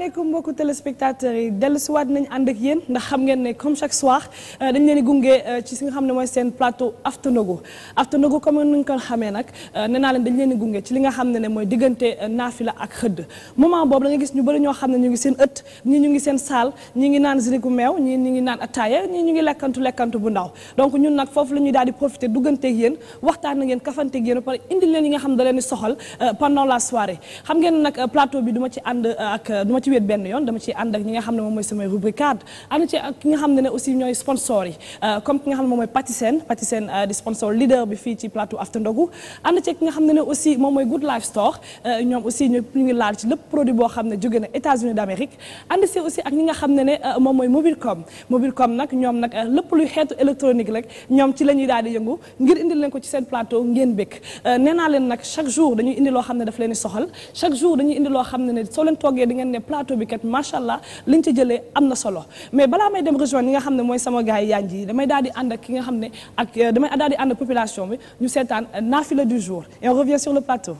asalaamaaleykum mbokku téléspectateurs yi dellusiwaat nañ ànd ak comme chaque soir euh, dañ leen gunge euh, ci si nga xam ne mooy seen plateau After Ndogou comme ni ñu ko xamee nag euh, nee naa leen dañ leen gunge ci li nga xam ne ne mooy diggante naafila ak xëdd moment boobu da gis ñu bëri ñoo xam ne ñu ngi seen ëtt ñii ñu ngi seen saal ñii ngi naan zirigu meew ñii ñu ngi naan attaaya ñii ñu ngi lekkantu lekkantu bu ndaw donc ñun nag foofu la daal di profité dugganteeg yéen waxtaan ak da leen di ngeen nag ci benn yoon dama ci ànd ak ñi nga xam ne moom mooy samay rubrique euh, euh, ànd ci ak ki nga xam ne ne aussi moom mooy Good Life Store euh, ñoom ñu ngi laal ci lépp produit boo xam ne jóge na États-Unis d'Amérique ànd si aussi ak ñi nga xam ne ne moom mooy Mobilcom Mobilcom nag ñoom nag lépp luy xeetu électronique rek ñoom ci la daal yëngu ngir indil leen ko ci seen plateau ngeen békk nee leen nag chaque jour dañuy indi loo xam ne daf leen soxal chaque jour dañuy ato bi kat macha allah liñ ci jëlee am na solo mais balaa may dem rejoindre ñi nga xam ne mooy sama gars yi yaan ji damay daal di ànd ki nga xam ne ak euh, damay daal di ànd ak population bi ñu seetaan euh, naafila du jour et on revient sur le plateau.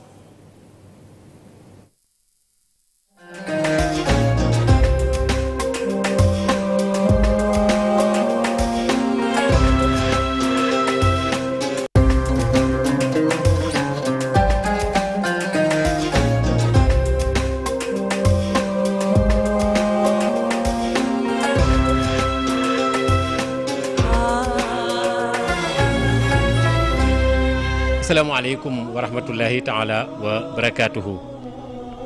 asalaamaaleykum wa rahmatullahi taala wa barakaatuhu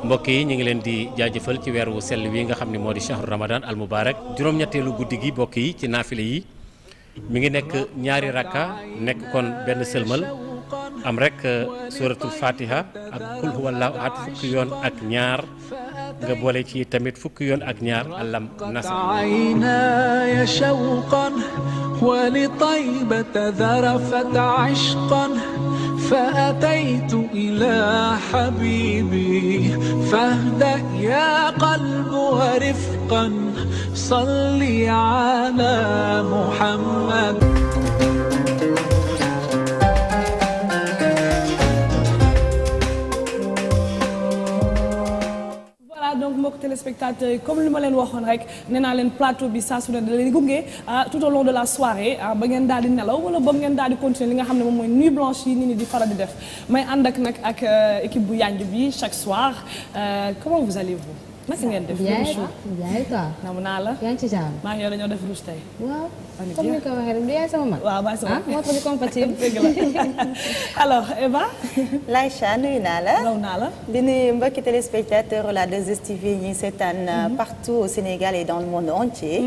mbokk yi ñu ngi leen di jaajëfal ci weer wu sell wi nga xam ni moo di shahru ramadan al mubarak juróom-ñetteelu guddi gi mbokk yi ci naafile yi mi ngi nekk ñaari rakka nekk kon benn sëlmal am rek euh, suratul fatiha ak kul huwallahu ahad fukki yoon ak ñaar nga boole ci tamit fukki yoon ak ñaar alam nasa aynaya shawqan wa li فأتيت إلى حبيبي فاهدأ يا قلب ورفقا صل على محمد mbokk téléspectateurs yi comme li ma leen waxoon rek nee naa leen plateau bi saa su ne da leen gunge ah, tout au long de la soirée ah, ba ngeen daal di nelaw wala ba ngeen daal di continuer li nga xam ne moom mooy nuit blanche yi nit di faral di def may ànd ak nag ak euh, équipe bu yànj bi chaque soir euh, comment vous allez vous na si ngeen def. yaay yaay namu naa la. yaa a ci jàmm. maa ngi yow dañoo def rouge tey. waaw comme ni ko waxee rek du yaay sama mag. waaw maa sama mag ah moo tax ñu compatible. dëgg la alors Eva. Laïcha nuyu naa la. naw naa la. di nuyu mbokki téléspectateur la 2STV yi ñuy seetaan partout au Sénégal et dans le monde entier.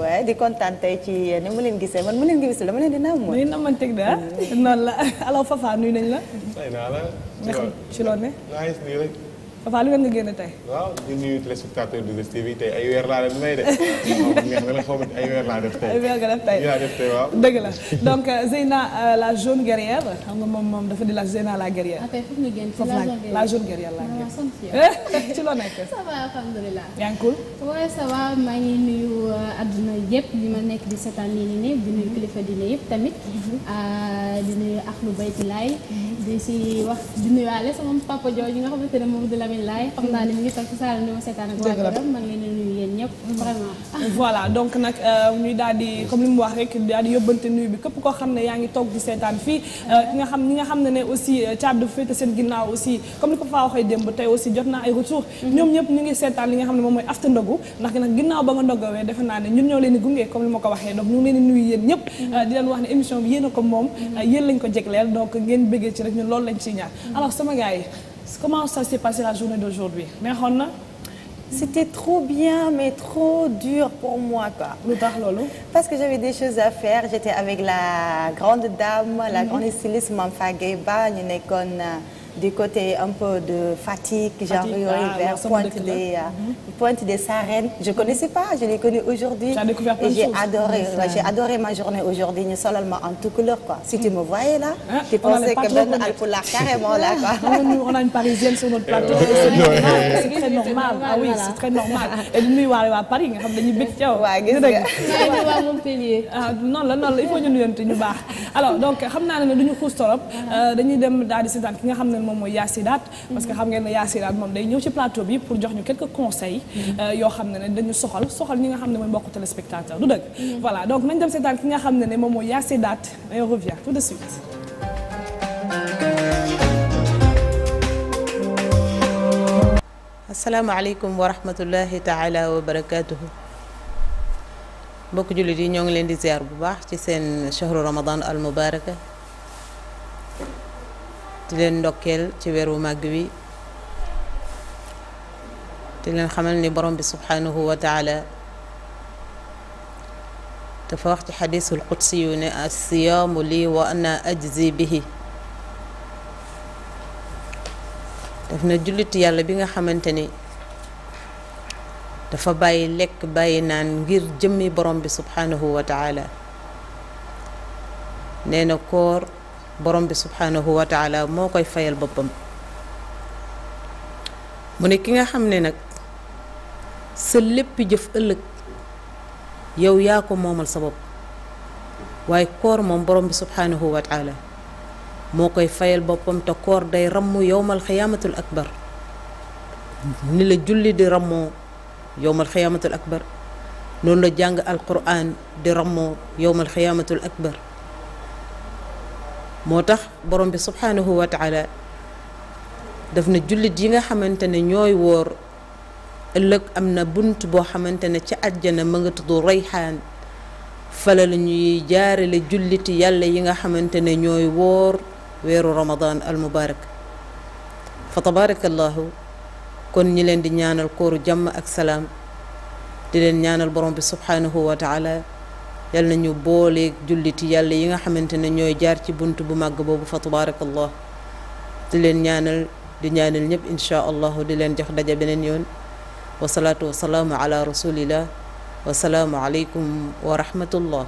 waaw di kontaan tey ci ni mu leen gisee man mu leen gisee la ma leen di naamu. muy namanteeg de ah. noonu la alors Fafa nuyu nañ la. nuyu naa la. ci loolu ci loolu ne. papa lu ngeen nga génn tey. waaw di nuyu téléspectateur de 2STV tey ay weer laa def may def. ay weer laa def tey. ay weer nga def tey def tey waaw. dëgg la donc euh, Zeyna euh, la jaune guerrière xam nga moom moom dafa di la Zeyna la guerrière. ah tey foofu nga génn foofu la jaune guerrière la ah, ci loo nekk. ça va alhamdulilah. yaa ngi cool. waaye ça va maa ngi nuyu adduna euh, yëpp li ma nekk di seetaan nii nii di nuyu kilifa diine yëpp tamit. Mm-hmm. di nuyu Ahlu Baytilaay. Mm-hmm. di si wax di nuyuwaale sama papa jooju nga xamante moom di Lamine xam naa ne mu ngi toog ci saal di ma seetaan euh, daal di comme li mu wax rek daal di koo xam ne yaa ngi toog seetaan fii. Euh, ki nga xam ñi nga xam ne ne aussi caab euh, dafa féete seen ginnaaw aussi comme ni ko mhm. ñu ngi seetaan li nga xam ne moom mooy after ndogu ndax nag ginnaaw ba naa ne ñun ñoo leen di gunge comme li ma ko waxee donc leen nuyu yéen ñëpp mhm. di leen wax ne émission bi a ko moom mhm. yéen lañ ko jegleel donc ngeen bëggee ci rek ñun loolu lañ ciy ñaar alors sama gars yi comment ça s'est passé la journée d'aujourd'hui neexoon na c'était trop bien mais trop dur pour moi quoi. lu tax loolu. parce que j'avais des choses à faire j'étais avec la grande dame la mhm. grande styliste Mame Fagué Ba ñu nekkoon. Euh, de Fatick. genre yooyu ah, euh, mhm. connaissais pas je l'ai connu aujourd'hui. j'ai découvert plein ma journée aujourd'hui ñu solal ma en tout couleur quoi. si tu mhm. me voyais là. ah tu pensais que benn alpulaar carrément là quoi. on a une parisienne sur notre plateau. c'est très normal ah oui c'est très normal. et du nuyu waa Paris nga xam dañuy bëgg ci yow. waaw non la non la il faut ñu nuyante ñu baax alors donc xam naa ne du ñu xuus torop euh, dañuy dem daal di seetaan ki nga xam ne moom mooy Yaasidaat parce que xam ngeen ne Yaasidaat moom day ñëw ci plateau bi pour jox ñu quelques conseils euh, yoo xam ne ne dañu soxal soxal ñi nga xam ne mooy mbokku téléspectateur du dëgg voilà donc nañ dem ne ne moom mooy Yaasidaat et on revient tout de suite mbokk jullit yi ñoo ngi leen di ziar bu baax ci seen chahru ramadan al mubaraka di leen ndokkeel ci weer màgg wi di leen xamal ni borom bi subxanahu wa dafa wax ci xadiisul qudsi yu ne assiyaamu lii wa ana ajzi bihi daf na jullit yàlla bi nga xamante ni dafa bàyyi lekk bàyyi naan ngir jëmmi borom bi subxanahu wa taala koor. borom bi subhaanahu wa taala moo koy fayal boppam mu ne ki nga xam ne nag sa lépp jëf ëllëg yow yaa ko moomal sa bopp waaye koor moom borom bi subhaanahu wa taala moo koy fayal boppam te koor day rammu yowmal xiyaamatul akbar ni la julli di rammoo yowmal xiyaamatul akbar noonu la jàng alquran di rammoo yowmal xiyaamatul akbar moo tax borom bi subhaanahu wa taala daf na jullit yi nga xamante ne ñooy woor ëllëg am na bunt boo xamante ne ca àjjana ma nga tudd rayxaan fala la ñuy jaarale jullit yàlla yi nga xamante ne ñooy woor weeru ramadan al mubarak fa tabarakallahu kon ñi leen di ñaanal kooru jàmm ak salaam di leen ñaanal borom bi subhaanahu wa yal nañu booleeg jullit yàlla yi nga xamante ne ñooy jaar ci bunt bu màgg boobu fa tabaarakallah di leen ñaanal di ñaanal ñëpp inchaa allahu di leen jox daja beneen yoon wasalaatu wasalaamu ala rasulillah wasalaamu aleykum wa rahmatullah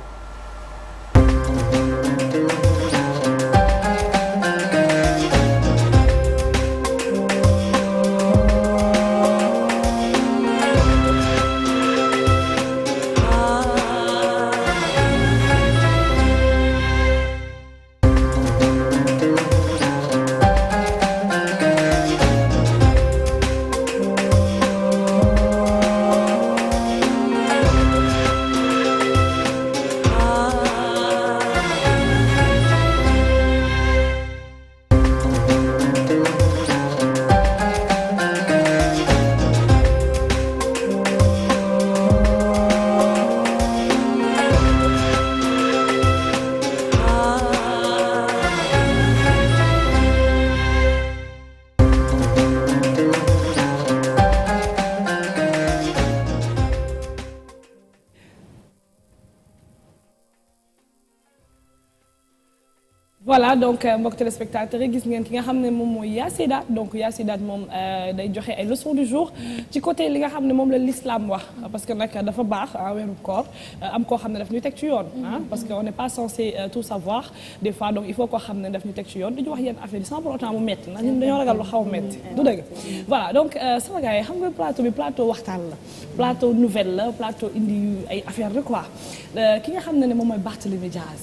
donc euh, mbokk téléspectateurs yi gis ngeen ki xam ne moom mooy Yassine Daat donc Yassine Daat moom euh, day joxe ay leçons du jour ci côté li nga xam ne moom la l'islam wax parce que nag dafa baax ah weeru euh, am koo xam ne daf ñu teg ci yoon ah parce que on n'est pas censé tout savoir des il faut koo xam ne daf ñu teg ci yoon dañu wax yenn affaire yi sans pour autant mu metti ndax ñun dañoo ragal lu du dëgg voilà donc sama gars yi xam nga plateau bi plateau waxtaan la plateau nouvelle la plateau indi ay affaire de quoi ki nga xam ne ne moom mooy Barthélémy Diaz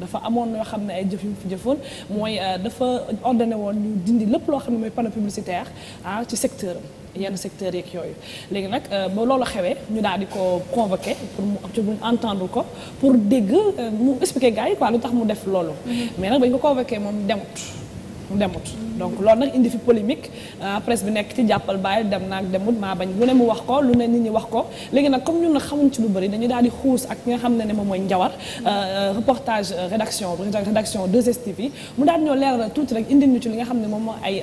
dafa amoon yoo xam ne ay jëf yu fi jëfoon mooy euh, dafa ordonné woon ñu dindi lépp loo xam ne mooy panneau publicitaire ah ci secteur yenn secteur yeeg yooyu léegi nag euh, ba loolu xewee ñu daal di ko convoqué pour mu ci mu entendre ko pour dégg euh, mu expliquer gars yi quoi lu tax mu def loolu mm-hmm. mais nag bañ ko convoqué moom demut demut donc loolu nag indi fi polémique euh, presse bi nekk ci jàppal bàyyi dem naag demut maa bañ lu ne mu wax ko lu ne nit ñi wax ko léegi nag comme ñun na xamuñ ci lu bari dañu daal di xuus ak ki nga xam ne ne moom mooy njawar euh, euh, reportage rédaction rédaction 2STV yi mu daal ñoo leeral tuuti rek indi ñu ci li nga xam ne moom mooy ay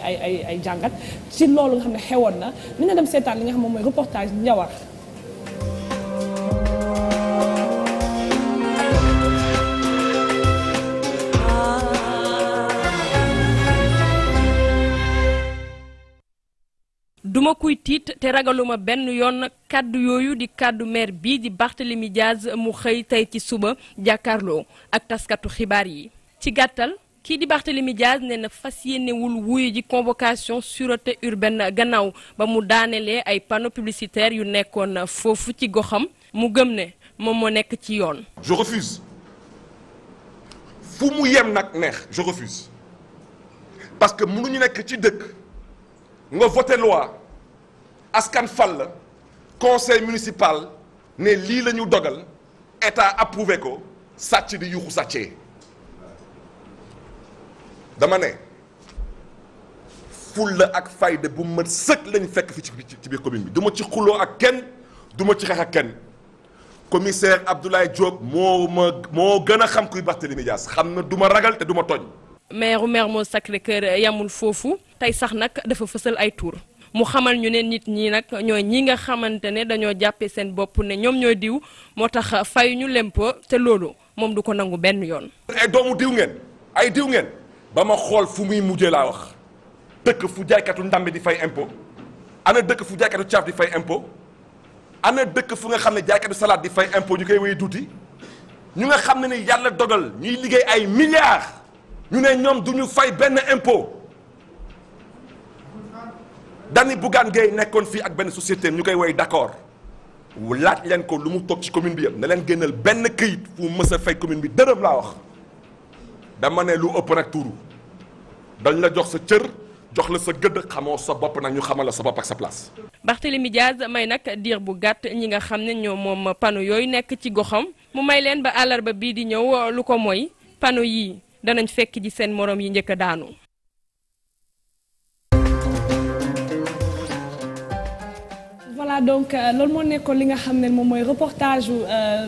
ay jàngat ci loolu nga xam ne xewoon na ni nga dem seetaan li nga xam moom mooy reportage njawar duma kuy tiit te ragaluma benn yoon kàddu yooyu di kàddu maire bii di Barthélemy Diaz mu xëy tey ci suba jàkkarloo ak taskatu xibaar yi ci gàttal kii di Barthélemy Diaz nee na fas yéenewul wuyu ji convocation sûreté urbaine gannaaw ba mu daanelee ay panneaux publicitaires yu nekkoon foofu ci goxam mu gëm ne moom moo nekk ci yoon. je refuse fu mu yem nag neex je refuse parce que mënuñu nekk ci dëkk nga voté loi. askan fal la conseil municipal ne lii la ñu dogal état approuvé ko sàcc di yuuxu sàccee dama ne fulla ak fayda bu mën sëkk lañ fekk fi ci biir commune bi duma ci xuloo ak kenn duma ma ci xeex ak kenn commissaire Abdoulaye Diop moo ma moo gën a xam kuy Barthélémy Dias xam na du ma ragal te du ma tooñ maire Mermoz Sacré-Cœur yamul foofu tey sax nag dafa fësal ay tuur mu xamal ñu ne nit ñi nag ñooy ñi nga xamante ne dañoo jàppee seen bopp ne ñoom ñoo diw moo tax fay ñu lempo te loolu moom du ko nangu benn yoon. ay doomu diw ngeen ay diw ngeen ba ma xool fu muy mujjee laa wax dëkk fu jaaykatu ndàmbe di fay impôt ana dëkk fu jaaykatu caaf di fay impôt ana dëkk fu nga xam ne jaaykatu salaat di fay impôt ñu koy wéy tuuti ñu nga xam ne ne yàlla dogal ñuy liggéey ay milliards ñu ne ñoom du ñu fay benn impo dani Bougane Gueye nekkoon fii ak benn société ñu koy woy d'accord laaj leen ko lu mu toog ci commune bi yëpp ne leen génnal benn këyit fu mës a fay commune bi dërëm laa wax ne lu ëpp nag dañ la jox sa cër jox la sa gëdd xamoo sa bopp nag ñu xamal la sa bopp ak sa place. Barthélémy Diaz may nag diir bu gàtt ñi nga xam ne ñoo moom ma panneau yooyu nekk ci goxam mu may leen ba àllarba bii di ñëw lu ko mooy panneau yi danañ fekk ji seen moroom yi njëkk a daanu. voilà donc euh, loolu moo nekkoon li nga xam ne moom mooy reportage euh,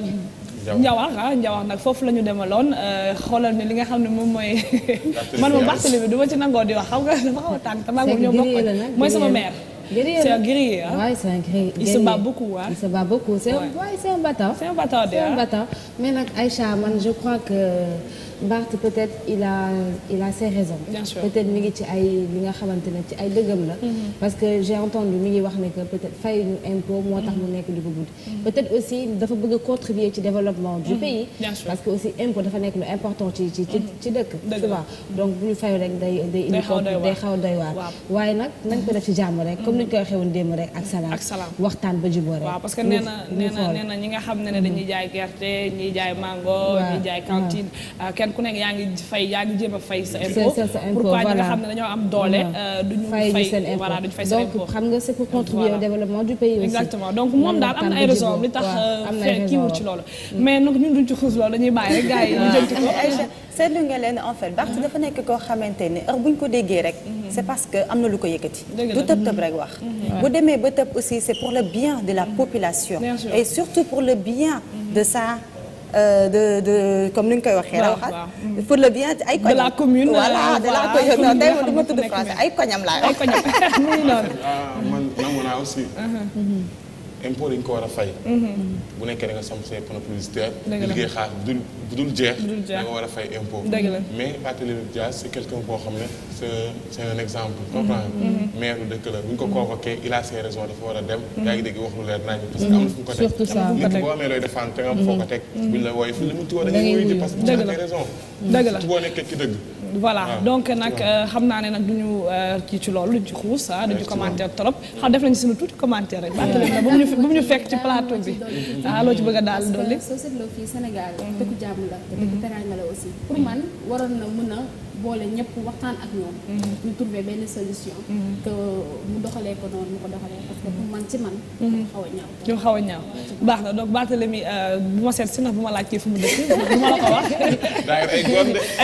Njawar ah Njawar nag foofu la ñu demaloon euh, xoolal ne li nga xam ne moom mooy. man moom Barthélémy du ma ci nangoo di wax xam nga dafa xaw a tàng te maa ngi ñoo bokk mooy sama mère. guerrier c'est un guerrier ah. Ouais, c'est un guerrier. se bat beaucoup ah. se bat beaucoup c'est un ouais. c'est un bâtard. C'est Mais nag Aïcha man je crois que. Barth peut-être il a il a ses peut-être mi ngi ci ay li nga xamante ne ci ay dëggam la. Mm-hmm. parce que j'ai entendu mi ngi wax ne que peut-être fay ñu impôt moo tax mu mm-hmm. nekk di ko guddi. Mm-hmm. peut-être aussi dafa bëgg a ci développement du pays. parce que aussi impôt dafa nekk lu important ci ci ci dëkk. dëgg donc bu ñu fayoo rek day day. indi kooku day xaw a doy waar. waaye nag nañ ko def ci jàmm rek. comme ni ñu koy waxee woon démb rek ak salaam. ak salaam waxtaan ba jubóo rek. parce que xam ne dañuy jaay gerte jaay mango ñiy jaay cantine kenn ku nekk yaa ngi fay yaa ngi jéem a fay sa impôt pourquoi ñi nga xam ne dañoo am doole euh, duñu fay fay seen impôt donc xam nga c'est pour contribuer au développement du pays exactement donc moom daal am na ay tax euh, kii wut ci loolu mais nag ñun duñ ci xuus loolu dañuy bàyyi rek gars yi ñu jëm ci ko seetlu nga leen en fait Barth bu ñu ko déggee mhm. c'est parce que am na lu ko yëkkati du tëb tëb rek wax mhm. Mhm. bu demee ba tëb aussi c'est pour le Euh, de de comme ni ñu koy waxee. rawaxaat pour le bien ay. koñam de la commune voilà de la commune ma tudd ay koñam laa. ay koñam muy impôt dañu ko war a fay. Mm-hmm. bu nekkee da nga samp say panneau liggéey xaar bu dul bu dul jeex. da war a fay impôt. mais Barthélémy Dias c' est boo xam ne c' est exemple. comprendre mm-hmm. mm-hmm. maire lu dëkk la bu ñu ko convoqué il a ses raisons dafa war a dem. yaa dégg wax lu leer nañu parce am na fu ñu ko teg li mu tuwoo da ngay wuyu ji bu nekkee raison. dëgg. voilà ah. donc nag euh, xam naa ne nag du ñu euh, ci ci loolu duñ ci xuus ah duñ ci commentaire trop xam def nañu suñu tuuti commentaire rek bàttali na bu mu ñu fekk ci plateau bi ah ci bëgg daal dolli soo seetloo fii Sénégal dëkku jàmm la dëkku teraanga la aussi pour man waroon na mën a boole ñëpp waxtaan ak ñoom. Mm-hmm. ñu trouver benn solution. Mm-hmm. que mu doxalee ko noonu mu ko doxalee parce que pour man ci man. Mm-hmm. xaw a ñaaw xaw a ñaaw baax na donc Barthélemy euh, bu ma seet si nag bu ma laajtee fu mu dëkk bu ma la ko wax. ay góor de. Ah,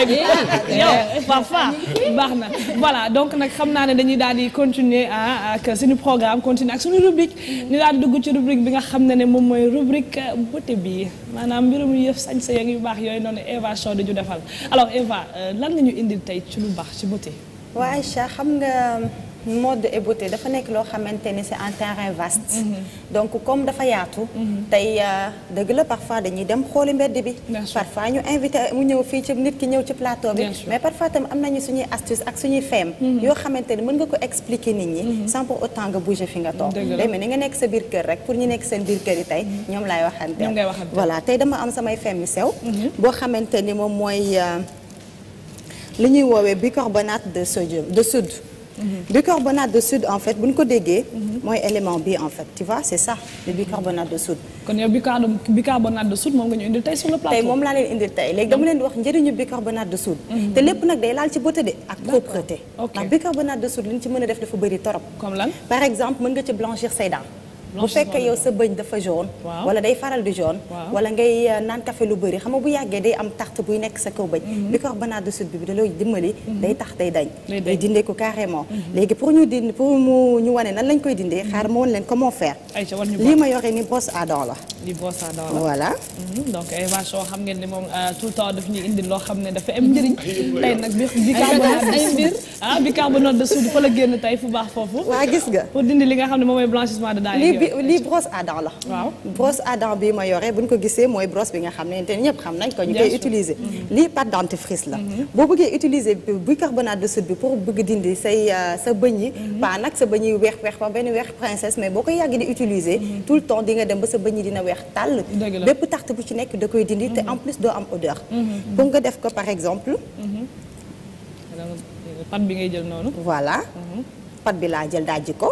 ah. baax na voilà donc nag xam naa ne dañuy daal di continuer ah, ak suñu programme continuer ak suñu rubrique. ni daal di dugg ci rubrique bi nga xam ne ne moom mooy rubrique euh, beauté bi maanaam mbirum yëf sañ sa yeeg yu baax yooyu noonu Eva Sow ñu defal euh, indil tey ci lu baax ci beauté. waaw Aïcha xam nga mode et beauté dafa nekk loo xamante ni c'est un terrain vaste. Mhm. donc comme dafa yaatu. Mhm. tey euh, dëgg la parfois dañuy dem xooli mbedd bi. parfois ñu invité mu ñëw fii ci nit ki ñëw ci plateau bi. mais parfois tam am nañu suñuy astuce ak suñuy fem mhm. yoo xamante ni mën nga ko expliquer nit ñi. sans pour autant nga bouger fi nga toog. dëgg mais ni nga nekk sa biir kër rek pour ñu nekk seen biir kër yi tey ñoom laay waxante. voilà tey dama am samay feem yu sew. boo xamante ni moom euh, li ñuy woowee bicarbonate de sodium de soude. Mhm. bicarbonate de soude en fait bu ñu ko déggee. Mhm. mooy élément bi en fait tu vois c' est ça le bicarbonate de soude. kon yow bicarbonate de soude tey moom laa leen indil tey léegi dama leen wax njëriñu bicarbonate de soude. Mhm. te lépp nag day laal ci beauté de ak propreté. ndax bicarbonate de soude li ñu ci mën a def dafa bëri torop. comme lan par exemple mën nga ci blanchir say dents. bu fekkee yow sa bëñ dafa jaune. wala day faral di jaune. wala ngay naan café lu bari xam nga bu yàggee day am tarte buy nekk sa kaw bëñ. bicarbonate de soude bi da lay dimbali. day tax day day dindee ko carrément. léegi pour ñu dindi pour ñu wane nan lañ koy dindee xaar ma woon leen comment faire. lii ma yore ni brosse la. di brosse à dents la voilà. donc Eva xam ngeen ne moom tout le daf ñuy indi loo xam ne dafa am njëriñ. tey nag bi bicarbonate ay mbir de soude fa la génn tey fu baax foofu. waa gis nga pour dindi li nga xam ne moom mooy blanchissement de dents bi lii brosse à dents la. brosse à dents ma yore bu ñu ko gisee mooy brosse bi nga xam ne te ñëpp xam nañ ko ñu koy utiliser. Mhm. lii pâte dentifrice la. Mhm. boo bëggee utiliser bicarbonate de soude bi pour bëgg dindi say euh, sa bëñ yi. Mhm. pas nag sa bëñ yi weex weex ba benn weex princesse mais boo koy yàgg di utiliser. tout le temps di nga dem ba sa bëñ yi dina weex tàll. bépp tarte bu ci nekk da koy dindi te en plus doo am odeur. pour nga def ko par exemple. Euh, pat bi ngay noonu. voilà pat bi laa jël dajji ko.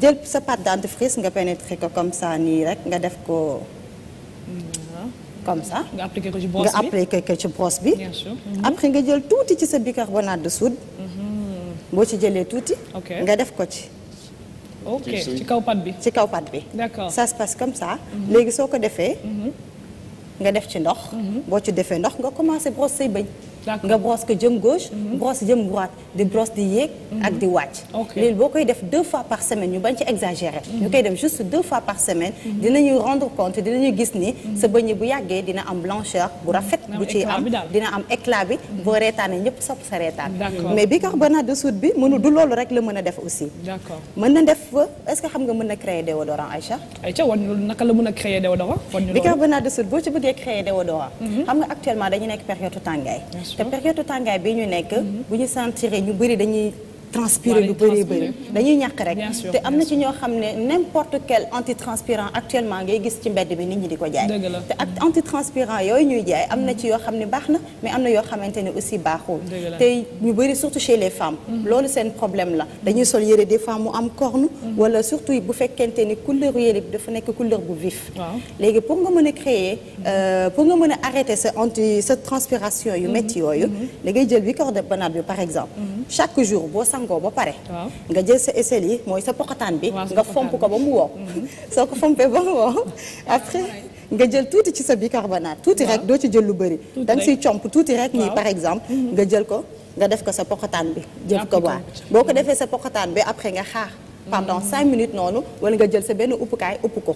jël sa pâte dentifrice nga pénétrer ko comme ça nii rek nga def ko. Mm-hmm. comme ça nga appliqué ko ci brosse bi nga appliqué ci brosse bi. bien sûr. Mm-hmm. après nga jël tuuti ci sa bicarbonate de soude. Mm-hmm. boo ci jëlee tuuti. nga def ko ci. ci kaw pat bi ci kaw pat bi. d'accord ça se passe comme ça. léegi soo ko defee. nga def ci ndox. boo ci defee ndox nga commencé brosser say bëñ. nga brosse ko jëm gauche mhm. brosse jëm droite di brosse di yéeg mhm. ak di wàcc léegi boo koy def deux fois par semaine ñu bañ ci exagérer mhm. ñu koy def juste deux fois par semaine dinañuy rendre compte dinañuy gis ni sa bëñ bu yàggee dina am blancheur bu rafet bu ci am dina am éclat bi boo reetaane ñëpp sopp sa reetaan mais bicarbonate de soude bi mënu du loolu rek la mën a def aussi mën na def est xam nga mën na créer déodorant Aïcha Aïcha wan naka la mën a créer déodorant bicarbonate de soude boo ci bëggee actuellement dañu nekk période tàngaay te période tàngaay bi ñu nekk. bu ñu sentir ñu bëri dañuy transpirer lu bëri bëri dañuy ñàkk rek te am na ci ñoo xam ne n'importe quel antitranspirant actuellement ngay gis ci mbedd bi nit ñi di ko jaay te ak antitranspirant yooyu ñuy jaay am na ci yoo xam ne baax na mais am na yoo xamante ne aussi baaxul te ñu bëri surtout chez les femmes mhm. loolu seen problème la dañuy sol yére des femmes mu am corne mhm. wala surtout bu fekkente ni couleur yére bi dafa nekk couleur bu vif léegi pour nga mën a créer mhm. euh, pour nga mën a arrêter sa anti sa transpiration yu métti yooyu da ngay jël bicarbonate bi par exemple sangoo ba pare nga jël sa aisselle yi mooy sa poqataan bi nga fomp ko ba mu wow soo ko fompee ba mu wow après nga jël tuuti ci sa bicarbonate tuuti rek doo ci jël lu bëri da nga siy comp tuuti rek nii par exemple mm-hmm. nga jël ko nga def ko sa poqataan bi jël ko boo ko mm-hmm. defee sa poqataan bi après nga xaar pendant mm-hmm. cinq minutes noonu wala nga jël sa benn uppukaay upp ko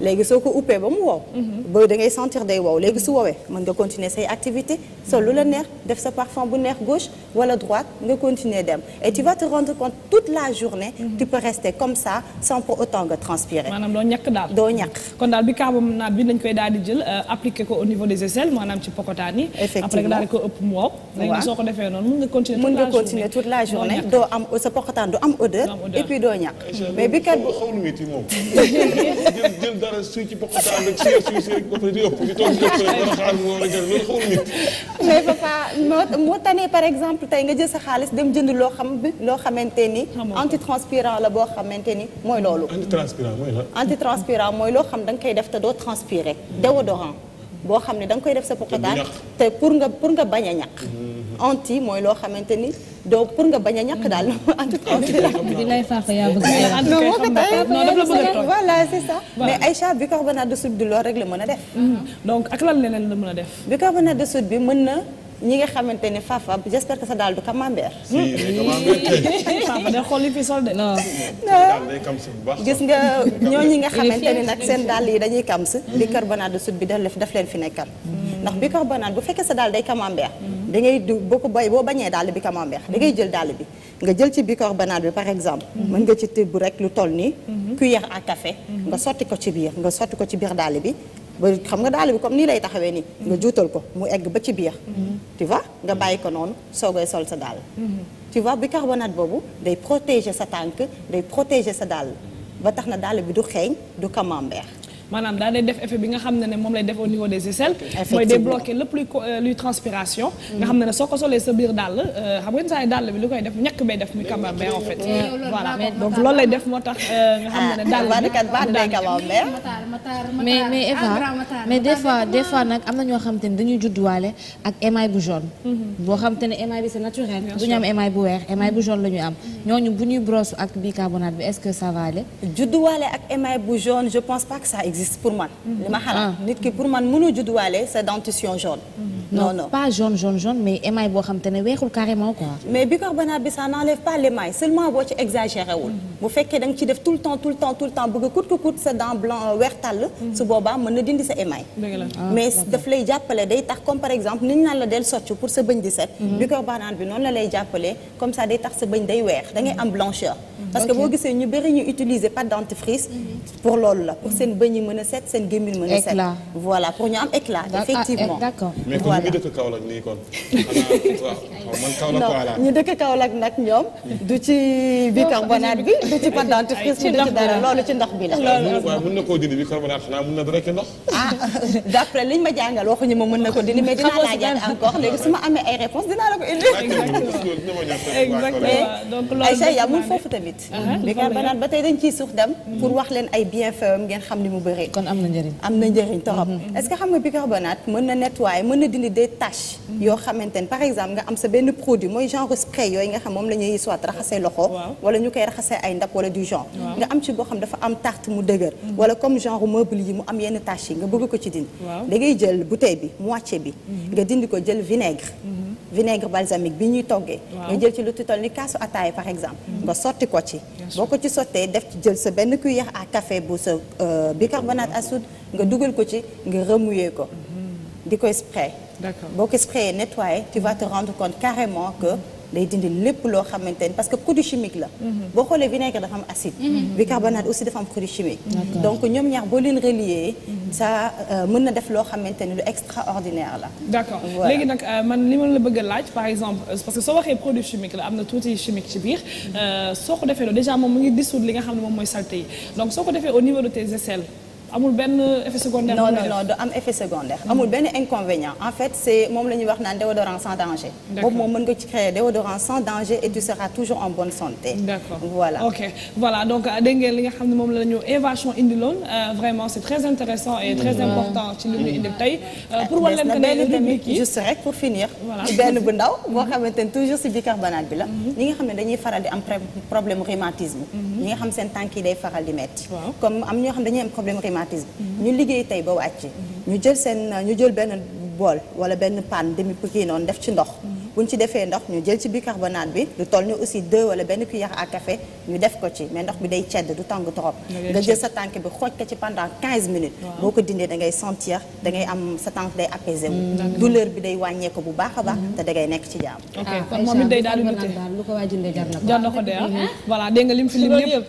léegi soo ko uppee ba mu wow. Mhm. ba da ngay sentir day wow léegi su wowee mën nga continuer say activité sol lu la neex def sa parfum bu neex gauche wala droite nga continuer dem et tu vas te rendre compte toute la journée. Mhm. tu peux rester comme ça sans pour autant nga transpirer. doo ñàkk daal doo ñàkk. kon daal bi carbonate bi dañ koy daal di jël euh, appliquer ko au niveau des aisselles maanaam ci pokotaan après nga daal ko ëpp mu wow. léegi nga continuer. dara suy a moo moo par exemple tey nga jël sa xaalis dem jënd loo xam bi loo xamante ni. antitranspirant la boo xamante ni mooy loolu. antitranspirant mooy la. mooy loo xam da koy def te doo transpirer déodorant boo xam ne da koy def sa poqataan te pour nga pour nga bañ a ñaq. anti mooy loo xamante ni doo pour nga bañ a ñàkk daal. Mm. anti faafa yaa bëgg voilà c'est ça. mais Aïcha bicarbonate de soude bi loolu rek la mën a def. Mm. donc ak lan leneen la mën a def. bicarbonate de soude bi mën na. ñi nga xamante ne Fafa j'espère que sa daal du camembert. si hmm? Fafa xool li fi sol de. gis nga ñooñu nga xamante ne nag seen dàll yi dañuy kams. bicarbonate hmm. de soude bi daf daf leen fi nekkal. Hmm. ndax bicarbonate bu fekkee sa daal day camembert. da ngay du boo ko bay boo bañee dàll bi camembert da ngay jël dàll bi. nga jël ci bicarbonate bi par exemple. mën nga ci tibb rek lu toll nii. cuillère à café. nga sotti ko ci biir nga sotti ko ci biir dàll bi. ba xam nga daal bi comme nii lay taxawee ni nga juutal ko mu egg ba ci biir. Mm-hmm. ti vois nga bàyyi ko noonu soogay sol sa daal dàll. Mm-hmm. tu vois bicarbonate boobu day protéger sa tànk day protéger sa dàll ba tax na dàll bi du xeeñ du camembert. maanaam daal day def effet bi xam ne ne moom lay def au niveau des aisselles mooy débloquer lépp euh, nga xam ne ne soo ko solee sa biir dàll euh, xam nga saa dàll bi li koy def ñàkk bay def muy camembert loolu lay def moo tax euh, nga xam ne ne dàll bi mais mais Eva ah, nag am na ñoo xam te ne dañuy judduwaale ak émail bu jaune mhm. boo xam te ne émail bi c'est naturel du am émail bu weex émail bu jaune la ñuy am mhm. ñooñu bu ñuy brosse ak bicarbonate bi est-ce que ça va aller judduwaale ak émail bu jaune je pense pas que ça existe existe pour man. Mhm. li ma xalaat ah. nit ki pour man mënoo judduwaale sa dentition jaune. Mhm. non non pas jaune jaune jaune mais émail boo xam te ne weexul carrément quoi. mais bicarbonate bi ça n'enlève pas l'émail seulement boo ci exagéré wul. Mhm. bu fekkee da nga ci def tout le temps tout le temps tout le temps a kut kut sa dent blanc euh, weertàll mm-hmm. su boobaa mën na dindi sa émail ah, mais daf lay jàppale day tax comme par exemple ni ñu naan la del soccu pour sa bëñ di set mm-hmm. bi ko bi noonu la lay jàppale comme ça day tax sa bëñ day weex da am blancheur mm-hmm. parce que boo gisee ñu bëri ñu utiliser pâte dentifrice pour loolu la pour seen bëñ yi mën a set seen gémmiñ mën a set voilà pour ñu am éclat ah, effectivement eh, du ci pâte dentifrice du ci dara loolu ci ndox bi la. loolu na koo dindi bicarbonate xanaa mën na dara ci ndox. ah d'après liñ ma jàngal waxuñu ma mën na ko dindi mais dinaa laajaat encore léegi su ma amee ay réponses dinaa la ko indi. exactement donc Aïcha yaa mun foofu tamit. Ah, bicarbonate ba tey dañ ciy suux dem. Mm-hmm. pour wax leen ay bienfaits am ngeen xam ni mu bëree. kon am na njëriñ. am na njëriñ torop mm-hmm. est-ce que xam nga bicarbonate mën na nettoyer mën na dindi des taches. Mm-hmm. yoo xamante ne par exemple nga am sa benn produit mooy genre spray yooyu nga xam moom la ñuy soit raxasee loxo. wala ndab wala du genre nga am ci boo xam dafa am tarte mu dëgër mm-hmm. wala comme genre meuble mu am yenn tache yi nga bëgg ko ci dindi da ngay jël bouteille bi moitié bi mm-hmm. nga dindi ko jël vinaigre mm-hmm. vinaigre balsamique bi ñuy toggee nga jël ci lu toll ni kaasu ataaya par exemple nga sotti ko ci boo ko ci sottee def ci jël sa benn cuillère à café bu sa euh, bicarbonate à soude nga dugal ko ci nga remuer ko di koy spray boo ko sprayee nettoyer tu vas te rendre compte carrément que day dindi lépp loo xamante ni parce que produit chimique la mhm. boo xoolee vinaigre dafa am acide mhm. Mhm. bicarbonate aussi dafa am chimique donc ñoom ñaar boo leen relier ça euh, mën na def loo xamante ni lu extraordinaire la d'accord léegi nag euh, man li ma la bëgg a laaj par exemple euh, parce que soo waxee produit chimique la am na tuuti chimique ci biir soo ko defee loolu déjà moom mu ngi dissoudre li nga xam ne moom mooy saleté yi donc soo ko defee de tes aisselles amul benn effet secondaire. am effet benn inconvénient en fait c' moom la wax naan déodorant sans danger. d' moom mën nga ci créer déodorant sans danger et tu seras toujours en bonne santé. voilà donc euh, dégg ngeen li xam ne moom la ñu évasion indiloon euh, vraiment c' très intéressant et très important ci li ñu indi tey. Euh, ah, pour wane pour finir. benn bu ndaw boo mhm. xamante ne toujours si bicarbonate bi la. Mhm. ñi nga xam ne dañuy faral di am problème rhumatisme. Mhm. ñi nga xam traumatisme ñu liggéey tey ba wàcc ñu jël seen ñu jël benn bool wala benn paan demi kii noonu def ci ndox buñ ci defee ndox ñu jël ci bicarbonate bi lu toll ni aussi deux wala benn cuillère à café ñu def ko ci mais ndox bi day cedd du tàng trop nga jël sa tànk bi xooj ko ci pendant 15 minutes boo ko dindee da ngay sentir da ngay am sa tànk day apaisé wu mm, douleur bi day wàññeeku bu baax a baax mm-hmm. te da nekk ci jaam ok ah, kon ko waa jëndee jar de ah. mm-hmm. nga lim fi lim yëpp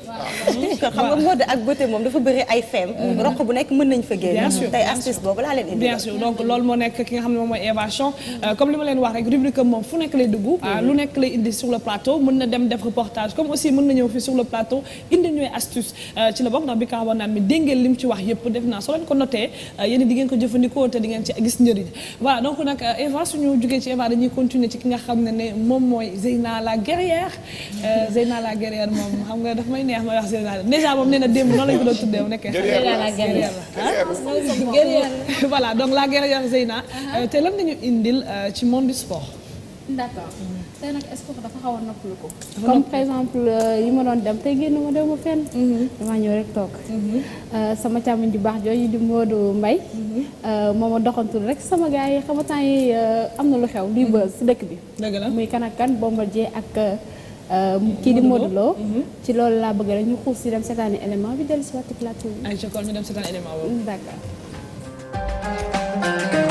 xam nga mode ak beauté moom dafa bëri ay feem mm-hmm. roq bu nekk mën nañ fa génn tey astuce boobu donc fu nekk lay dugg ah lu nekk lay indi sur le plateau mën na dem def reportage comme aussi mën na ñëw fi sur le plateau indi ñooy astuce euh, ci la bokk ndax bi kaawa naan mi dégg ngeen li mu ci wax yëpp def naa soo ko notee euh, yéen di ngeen ko jëfandikoo te di ngeen ci gis njëriñ voilà donc nag euh, Eva suñu jógee ci Eva dañuy continuer ci ki nga xam ne ne moom mooy Zeyna la guerrière Zeyna la guerrière moom xam nga daf may neex may wax Zeyna la déjà moom nee na démb noonu lañ ko doon tuddee nekk Zeyna la guerrière voilà donc la guerrière Zeyna uh-huh. te lan nga ñu indil ci monde du sport d' accord mm. tey nag est-ce a noppalu comme par exemple euh, yi ma doon dem tey génn ma dem ma fenn. Mm-hmm. damaa ñëw rek toog. Mm-hmm. Euh, sama càmmiñ di baax jooju di Modou Mbaye. Mm-hmm. Euh, moom a doxantul rek sama gaa yi xam temps yi am na lu xew. luy bës si dëkk bi. dëgg la muy kan ak kan Bombardier ak. kii di Modou loo ci loolu laa bëgg rek ñu xuus si dem seetaani élément bi dellu si waxtu plateau bi. ay jokkoon ñu dem seetaani élément boobu. d' accord.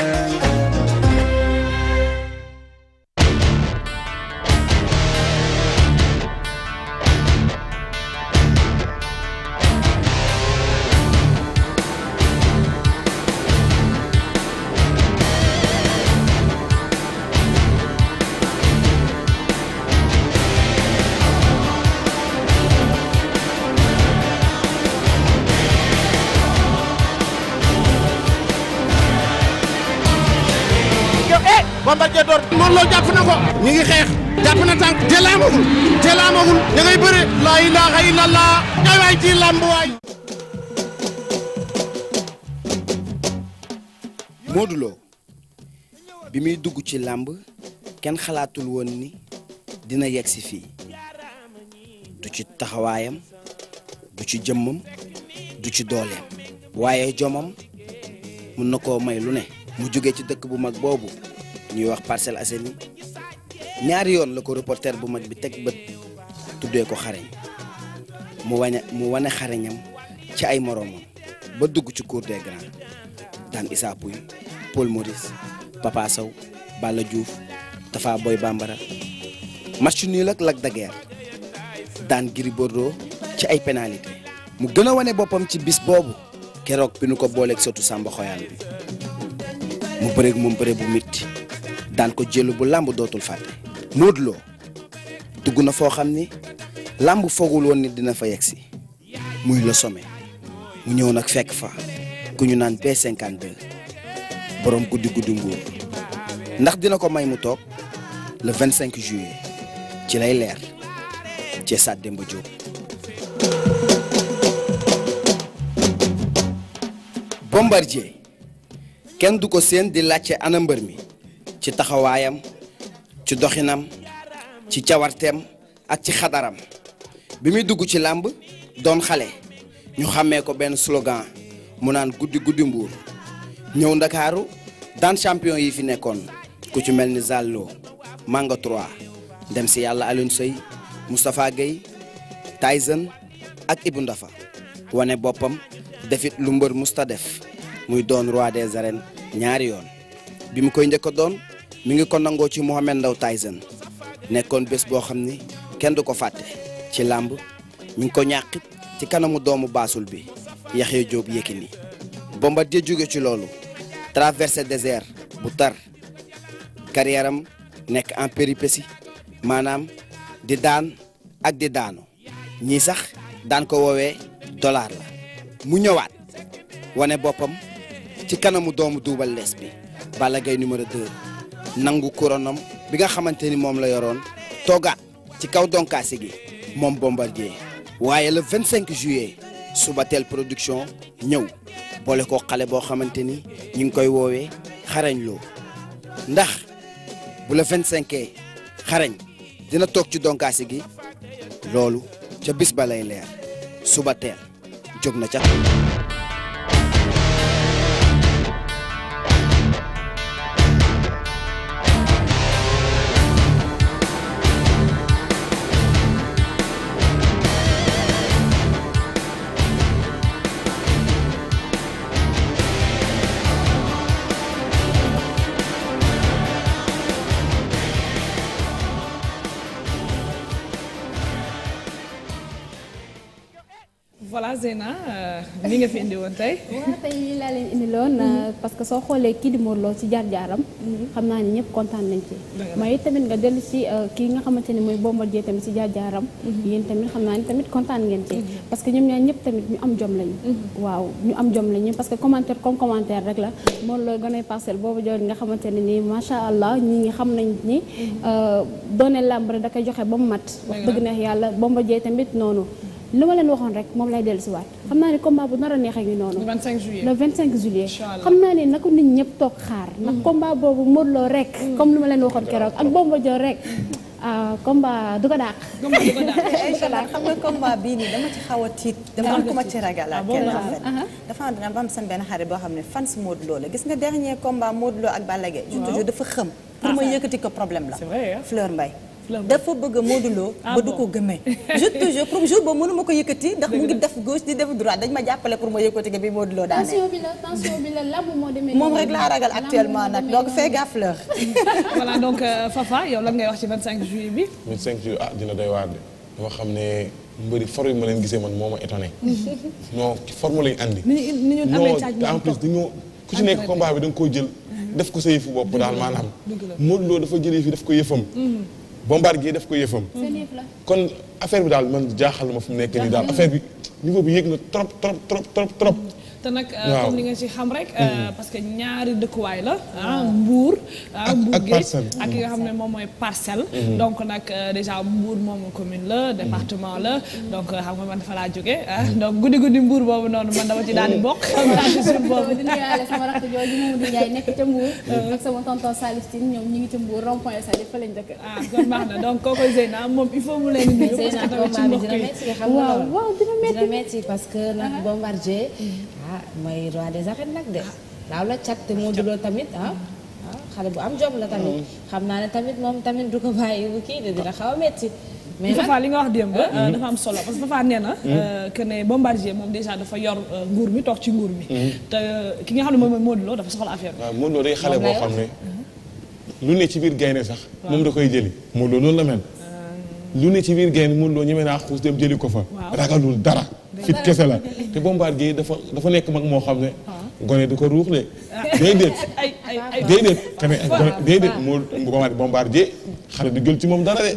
Lo jàpp bi muy dugg ci làmb kenn xalaatul woon ni dina yegg si fii du ci taxawaayam du ci jëmmam du ci dooleem waaye jomam mun na koo may lu ne mu jóge ci dëkk bu mag boobu ñuy wax Parcelles Assainies ñaari yoon la ko reporter bu mag bi teg bët tuddee ko xarañ mu wane mu wane xareñam ci ay moroomam ba dugg ci cour des grands daan Issa Pouye Paul Maurice Papa Balla Diouf Tafa Boy Bambara match nul ak Lac de Guiers daan Gris ci ay pénalité mu gën a wane boppam ci bis boobu keroog bi nu ko booleeg sotu Samba Xoyaan bi mu bëreeg moom bëre bu mitti daan ko jëlu bu làmb dootul fàtte Modou dugg na foo xam ni làmb foogul woon ni dina fa yegg si muy le sommet mu ñëw nag fekk fa ku ñu naan P52 borom guddi guddi nguur ndax dina ko may mu toog le 25 juillet ci lay leer ci stade Demba Diop. Bombardier kenn du ko seen di laajte ana mbër mi. ci taxawaayam ci doxinam ci cawarteem ak ci xadaram bi muy dugg ci làmb doon xale ñu xàmmee ko benn slogan mu naan guddi guddi mbuur ñëw ndakaaru daan champion yi fi nekkoon ku ci mel ni Zallo Manga 3 dem si yàlla Alioune Seye Moustapha Gueye Tyson ak Ibou Ndafa wane boppam defit lu mbër musta def muy doon roi des arènes ñaari yoon bi mu koy njëkk doon mi ngi ko nangoo ci Mohamed Ndao Tyson nekkoon bés boo xam ni kenn du ko fàtte ci làmb mi ngi ko ñàqit ci kanamu doomu baasul bi Yaxya Jóob Yékini Bombardier jóge ci loolu traversé désert bu tar carrière nekk en péripétie maanaam di daan ak di daanu ñii sax daan ko woowee dollar la mu ñëwaat wane boppam ci kanamu doomu duubal lees bi Balla Gaye numéro 2 nangu couronam bi nga xamante ni moom la yoroon tooga ci kaw donkaasi gi moom Bombardier waaye le 25 suba teel production ñëw boole ko xale boo xamante ni ñu ngi koy woowee xarañ loo ndax bu la 25 xarañ dina toog ci donkaasi gi loolu ca bis ba lay leer Subatel jóg na ca. Zeyna mi euh, nga fi indi woon tey. waaw laa leen indi loon euh, mhm. parce que soo xoolee kii di Modou Lo ci jaar-jaaram. Mhm. xam naa ni ñëpp kontaan nañ ci. may tamit nga dellu si euh, kii nga xamante ni mooy Bombardier tamit si jaar-jaaram. Mhm. yéen tamit xam naa ni tamit kontaan ngeen ci. parce que ñoom ñaar ñëpp tamit ñu am jom lañu. waaw ñu am jom lañu parce que commentaire comme commentaire la Modou Lo gën a parcelle boobu jooju xamante ne nii macha allah ñi ngi xam nañ ni. doone làmb rek da joxe ba mu mat. wax dëgg neex yàlla Bombardier tamit noonu. li ma leen waxoon rek moom lay dellu si waat xam naa ne combat bu nar a neexee ngi noonu. le 25 juillet le 25 juillet. xam naa ne naka nit ñëpp toog xaar. ndax mm. combat boobu Modou Lo rek. Mm. comme li ma leen waxoon keroog ak mm. Bomba Dio rek. Ah, combat du ko dàq. du ko xam nga combat bii nii dama ci xaw a tiit. dama ci ragal ak ah, kenn en ah, fait. dafa am dina am seen benn xarit boo xam ne fan si Modou Lo la gis nga dernier combat Modou Lo ak Balla Gaye. toujours dafa xëm. pour ma yëkkati ko problème la. Fleur mbay dafa bëgg a Modou Lo ah ba du ko gëmee je te pour jour ba mënu ma ko yëkkati ndax mu ngi def gauche di def droite dañ ma jàppale pour ma yëkkati nga bi Modou Lo moom rek laa ragal actuellement nag donc fais gaffe leur voilà euh, Fafa yow lan ngay wax ci 25 bi 25 juillet ah dina doy waar de dama xam ne mbëri for yi ma leen gisee man moo ma étonné non forme lañu andi non en plus dañoo ku ci nekk combat bi da nga koo jël def ko sa yëfu bopp daal maanaam Modou Lo dafa jël yëf yi def ko yëfam mm-hmm. Bombardier daf ko yëfam. kon affaire bi daal man jaaxal ma fu mu nekk nii daal affaire bi niveau bi yéeg na trop trop trop trop trop. te nag euh, comme ni nga ci xam rek euh, mm-hmm. parce que ñaari dëkkuwaay la ah, mbuur ah, mbuur géej ak yi nga xam ne mm-hmm. moom mooy parcelle mm-hmm. donc nag euh, déjà mbuur moom commune la département la donc xam man dafa laa jóge ah, donc guddi guddi mbuur boobu noonu man dama ci daal di bokk di nuyaale sama rakk jooju Mamadou Ndiaye nekk ca mbuur ak sama tonton Salif Tine ñoom ñi ngi ca mbuur rond point Salif fa lañ dëkk na donc kooku parce que tamit ci mbokk dina metti parce que nag uh-huh. bombardier ah mooy roi des arènes nag de daaw la cat te Modou tamit ah, ah xale bu am jom la tamit mm. xam naa ne tamit moom tamit du ko bàyyi kii de dina xaw a métti mais Fafa li nga wax ah, ah, mm. am solo parce que nee na mm. euh, que ne Bombardier moom déjà dafa yor euh, nguur mi toog ci nguur mi te euh, ki nga xam ne moom mooy Modou Lo dafa soxla affaire bi waaw day xale boo xam ne mm-hmm. lu ne ci biir gaynde sax moom da koy jëli Modou Lo noonu la mel lu ne ci biir gaynde Modou Lo ñemee naa xuus dem jëli ko fa ragalul dara fit kese la te Bombardier dafa dafa nekk mag moo xam ne ah. gone du ko ruux de déedéet déedéet tamit déedéet moo bombardier bombardier xale du jël ci moom dara de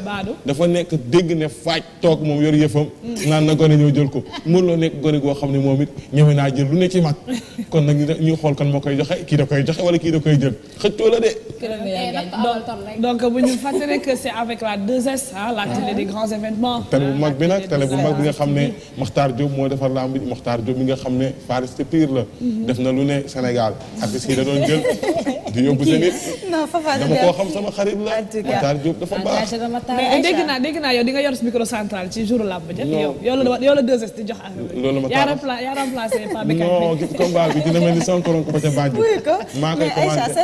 dafa nekk dégg ne faaj toog moom yor yëfam mm. naan na gone ñoo jël ko mën loo nekk gone goo xam ne moom it ñëwee naa jël lu ne ci mag kon nag ñu xool kan moo koy joxe kii da koy wala kii da koy jël xëccoo la de eh, donc bu ñu fàttali que c'est avec la bu nga xam ne Makhtar Diop moo defar lamb bi Makhtar Diop bi nga xam ne Faris te pire la mm-hmm. def na lu ne Sénégal artistes yi da doon jël di yóbbu sa nit. non Fafa dama koo xam sama xarit la. en bi dina mel ni sankoron ko ba ca bàjj. maa koy commencé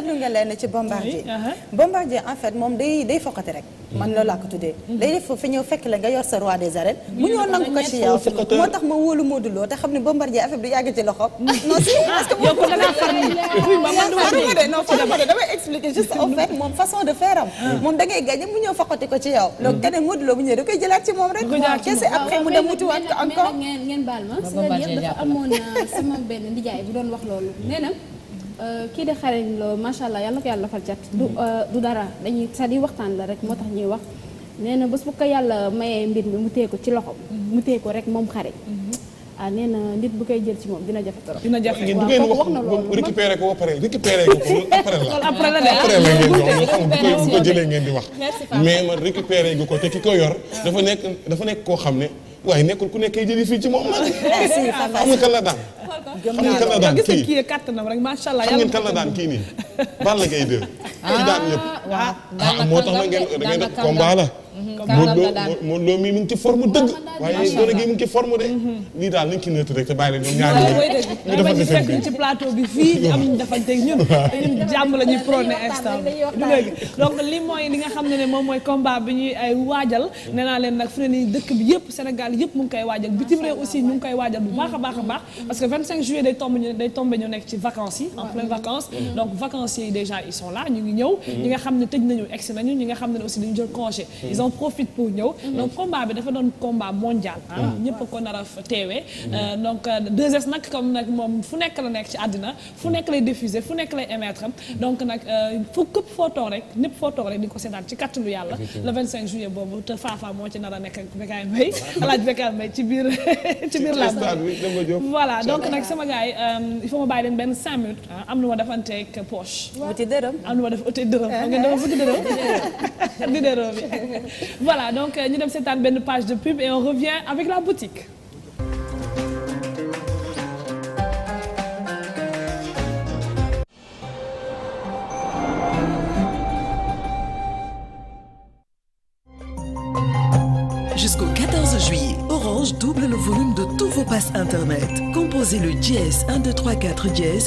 uh-huh. moom day day rek. man loolu ko tuddee. Mm-hmm. day fi ñëw fekk la nga yor sa roi des arènes. Mm-hmm. mu ñëw nangu ko ci yow moo tax ma wóolu Modou Lo te xam ne Bombardier affaire bi yàgg ci loxo. Mm-hmm. non si parce que oui ma man faruma de non faruma de damay expliquer juste en fait moom façon de faire ah. moom da ngay gagné mu ñëw foqati ko ci yow. donc mm. keneen Modou Lo bu ñëw da koy jëlaat ci moom rek. waaw kese après mu dem wutiwaat ma euh, benn nijaay bu doon wax loolu mm. nee na. Euh, kii de xarañ loo macha allah yàlla ko yàlla fal cat. Mm. Euh, du dara dañuy sa di dire waxtaan la rek moo tax ñuy wax nee na bés bu yàlla mayee mbir mi mu téye ko ci loxo mu téye ko rek moom xarañ mm-hmm. ah nee na nit bu koy jël ci moom dina jafe trop. dina jafe ngeen bu wax ko récupéré ko ba pare récupéré ko après la. après la ngeen di wax bu ko jëlee ngeen di wax. mais man récupéré gu ko te ki ko yor. dafa nekk dafa nekk koo xam ne. waaye nekkul ku nekkee jëli fii ci moom nag. xam nga kan la daan. xam nga kan la daan kii xam nga kan la daan kii nii. Balla Gaye 2. Ah, ci daan ñëpp. ah, ah moo tax na ngeen da ngeen moom mooy combat bi ñuy ay waajal. nee naa leen nag mu ngi koy waajal bitim réew aussi baax a baax a baax. parce que 25 juillet day day tombe ñu nekk ci vacances yi en pleine vacances mm-hmm. donc vacances aussi déjà ils sont là ñu ngi ñëw mhm. ñi nga xam ne tëj nañu egsi nañu ñi nga xam ne aussi dañu jël congé mhm. ils en profitent pour ñëw mhm. donc combat bi dafa doon combat mondial ah a ko nar a teewee euh, donc 2 euh, nag fu nekk lay diffuser fu nekk lay émettre donc nag euh, fu këpp foo rek ñëpp foo rek di ko seetaan ci kattanu yàlla le juillet boobu te Fafa moo ci nar a nekk ak Bekaay Mbaye alaaj Bekaay Mbaye ci biir ci biir voilà donc nag sama gars il faut ma bàyyi leen benn 5 minutes ah, wuti dërëm ah, am na voilà donc euh, ñu dem seetaan benn page de pub et on revient avec la boutique Jusqu'au juillet, Orange double le volume de tous vos passes Internet. composez le dièse 1 2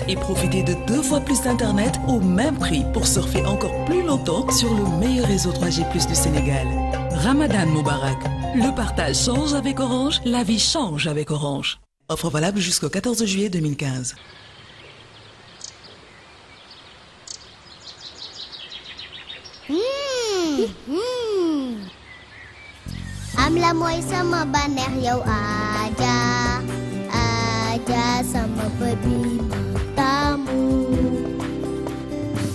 et profitez de deux fois plus d'internet au même prix pour surfer encore plus longtemps sur le meilleur réseau 3G+ du Sénégal. Ramadan Moubarak. Le partage change avec Orange, la vie change avec Orange. Offre valable jusqu'au тебя самопобима Таму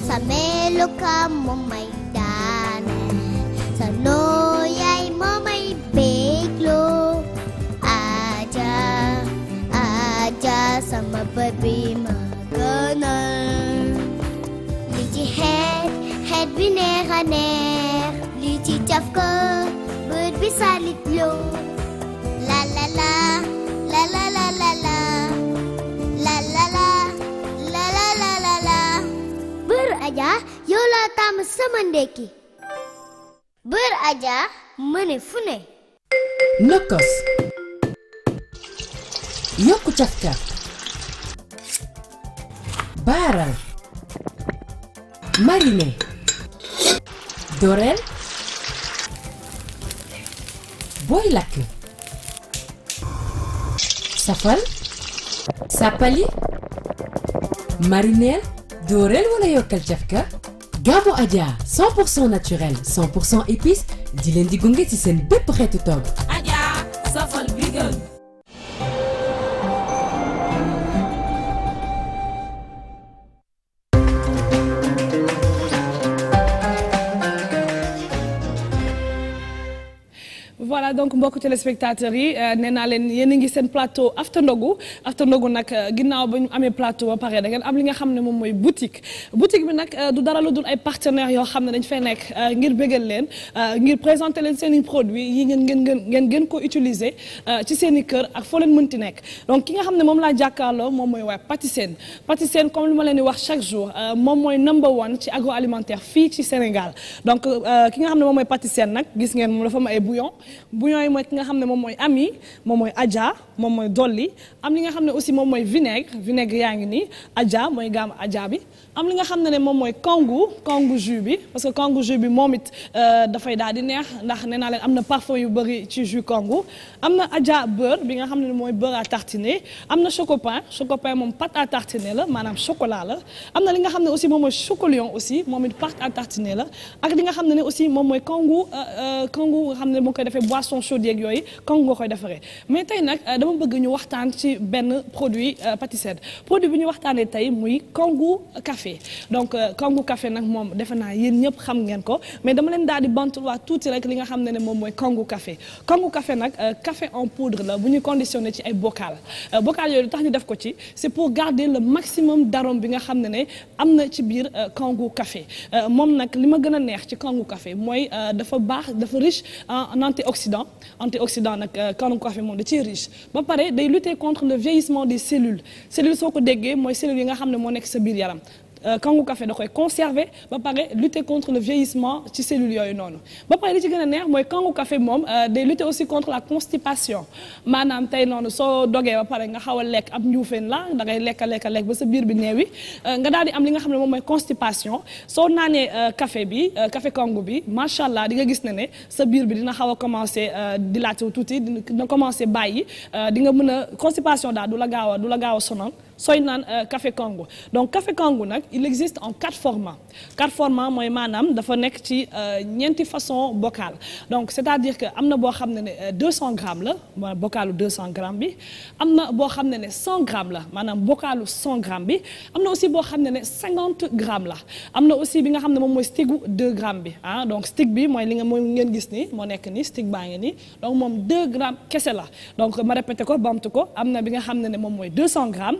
Самелю каму майдане Сано яй мамай бегло Аджа Аджа самопобима Gënal li ci xeet xeet bi neex a neex li ci caf ko bët bi salit loo jàmm sama ndekki bër aja mëne fu ne nëkkos yokku cafkaaf baaral marine doreel booy lakk safal sàppali marineel dooreel wala yokkal cafka doomu Adja 100% naturel 100% épice di leen di gunge ci seen bépp xeetu togg. Adja safal donc mbokk téléspectateurs yi euh, nee naa leen yéen ngi seen plateau after ndogu after ndogu nag euh, ginnaaw ba ñu amee plateau ba pare da ngeen am li nga xam ne moom mooy boutique boutique bi nag euh, du dara lu dul ay partenaires yoo xam ne dañ fay nekk ngir bégal leen ngir présenter leen seen i produits yi ngeen ngeen ngeen ngeen ko utiliser ci seen kër ak foo leen mënti nekk donc ki nga xam ne moom laa jàkkaarloo moom mooy waa Patisen Patisen comme li ma leen di wax chaque jour moom mooy number one ci agroalimentaire fii ci Sénégal donc ki xam ne moom mooy Patisen nag gis ngeen moom dafa ay bouillon bouillon yi mooy ki nga xam ne moom mooy ami moom mooy aja moom mooy dolli am li nga xam ne aussi moom mooy vinaigre vinaigre yaa ngi nii aja mooy gaam aja bi am li nga xam ne ne moom mooy kangu kangu jus bi parce que kangu jus bi moom it euh, dafay daal di neex ndax nee naa leen am na parfum yu bëri ci jus kangu am na aja beurre bi nga xam ne ne mooy beurre à tartiner am na chocopin chocopin moom pâte à tartiner la maanaam chocolat la am na li nga xam ne aussi moom mooy chocolion aussi moom it pâte à tartiner la ak li nga xam ne ne aussi moom mooy kangu euh, euh, kangu nga xam ne moo koy defee boisson chaude yeeg yooyu kangu nga koy defaree mais tey nag dama bëgg ñu waxtaan ci benn produit pâtisserie produit bi ñu waxtaanee tey muy kangu café donc kangu euh, café nag moom defe naa yéen ñëpp xam ngeen ko mais dama leen daal di bantulwaat tuuti rek li nga xam ne ne moom mooy kangu kafe kangu café nag euh, café en poudre la bu ñu condition conditionné ci ay bocal euh, bocal yooyu tax ñu def ko ci c'est pour garder le maximum d'arôme bi nga xam ne ne am na ci biir kangu café moom nag li ma gën a neex ci kangu kafe mooy dafa baax dafa riche en antioxydant antioxydant nag kangu café moom da ciy riche ba pare day lu contre le vieillissement des cellules cellules soo ko déggee mooy cellules yi nga xam ne moo nekk sa biir yaram kangu euh, kafe da koy conserver ba pare lutter contre le vieillissement ci cellules yooyu noonu ba pare li ci gën a neex mooy kangu kafe moom euh, day lutter aussi contre la constipation maanaam tey noonu soo dogee ba pare nga xaw a lekk ab njuufeen la da ngay lekk a lekk ba sa biir bi neewi euh, nga daal di am li nga xam ne moom mooy constipation soo naanee café bi café kangu bi macha allah di nga gis ne ne sa biir bi dina xaw a commencé di laajte tuuti dina commencé bàyyi di nga mën a constipation daal du la gaaw a du la gaaw a sooy naan euh, café Congo donc café Congo nag il existe en quatre formats quatre formats mooy maanaam dafa nekk ci euh, ñenti façon bocal donc c'est-à-dire que am na boo xam ne ne 200 euh, grammes la ma bocalu 200 grammes bi am na boo xam ne ne 100 grammes la maanaam bocalu 100 bi am na aussi boo xam ne ne 50 grammes la am na aussi bi nga xam ne moom mooy stigu 2 grammes bi ah donc stig bi mooy li nga moom ngeen gis ni moo nekk ni stig baa ngi ni donc moom 2 grammes kese la donc ma répété ko bamtu ko am na bi nga xam ne ne moom mooy 200 grammes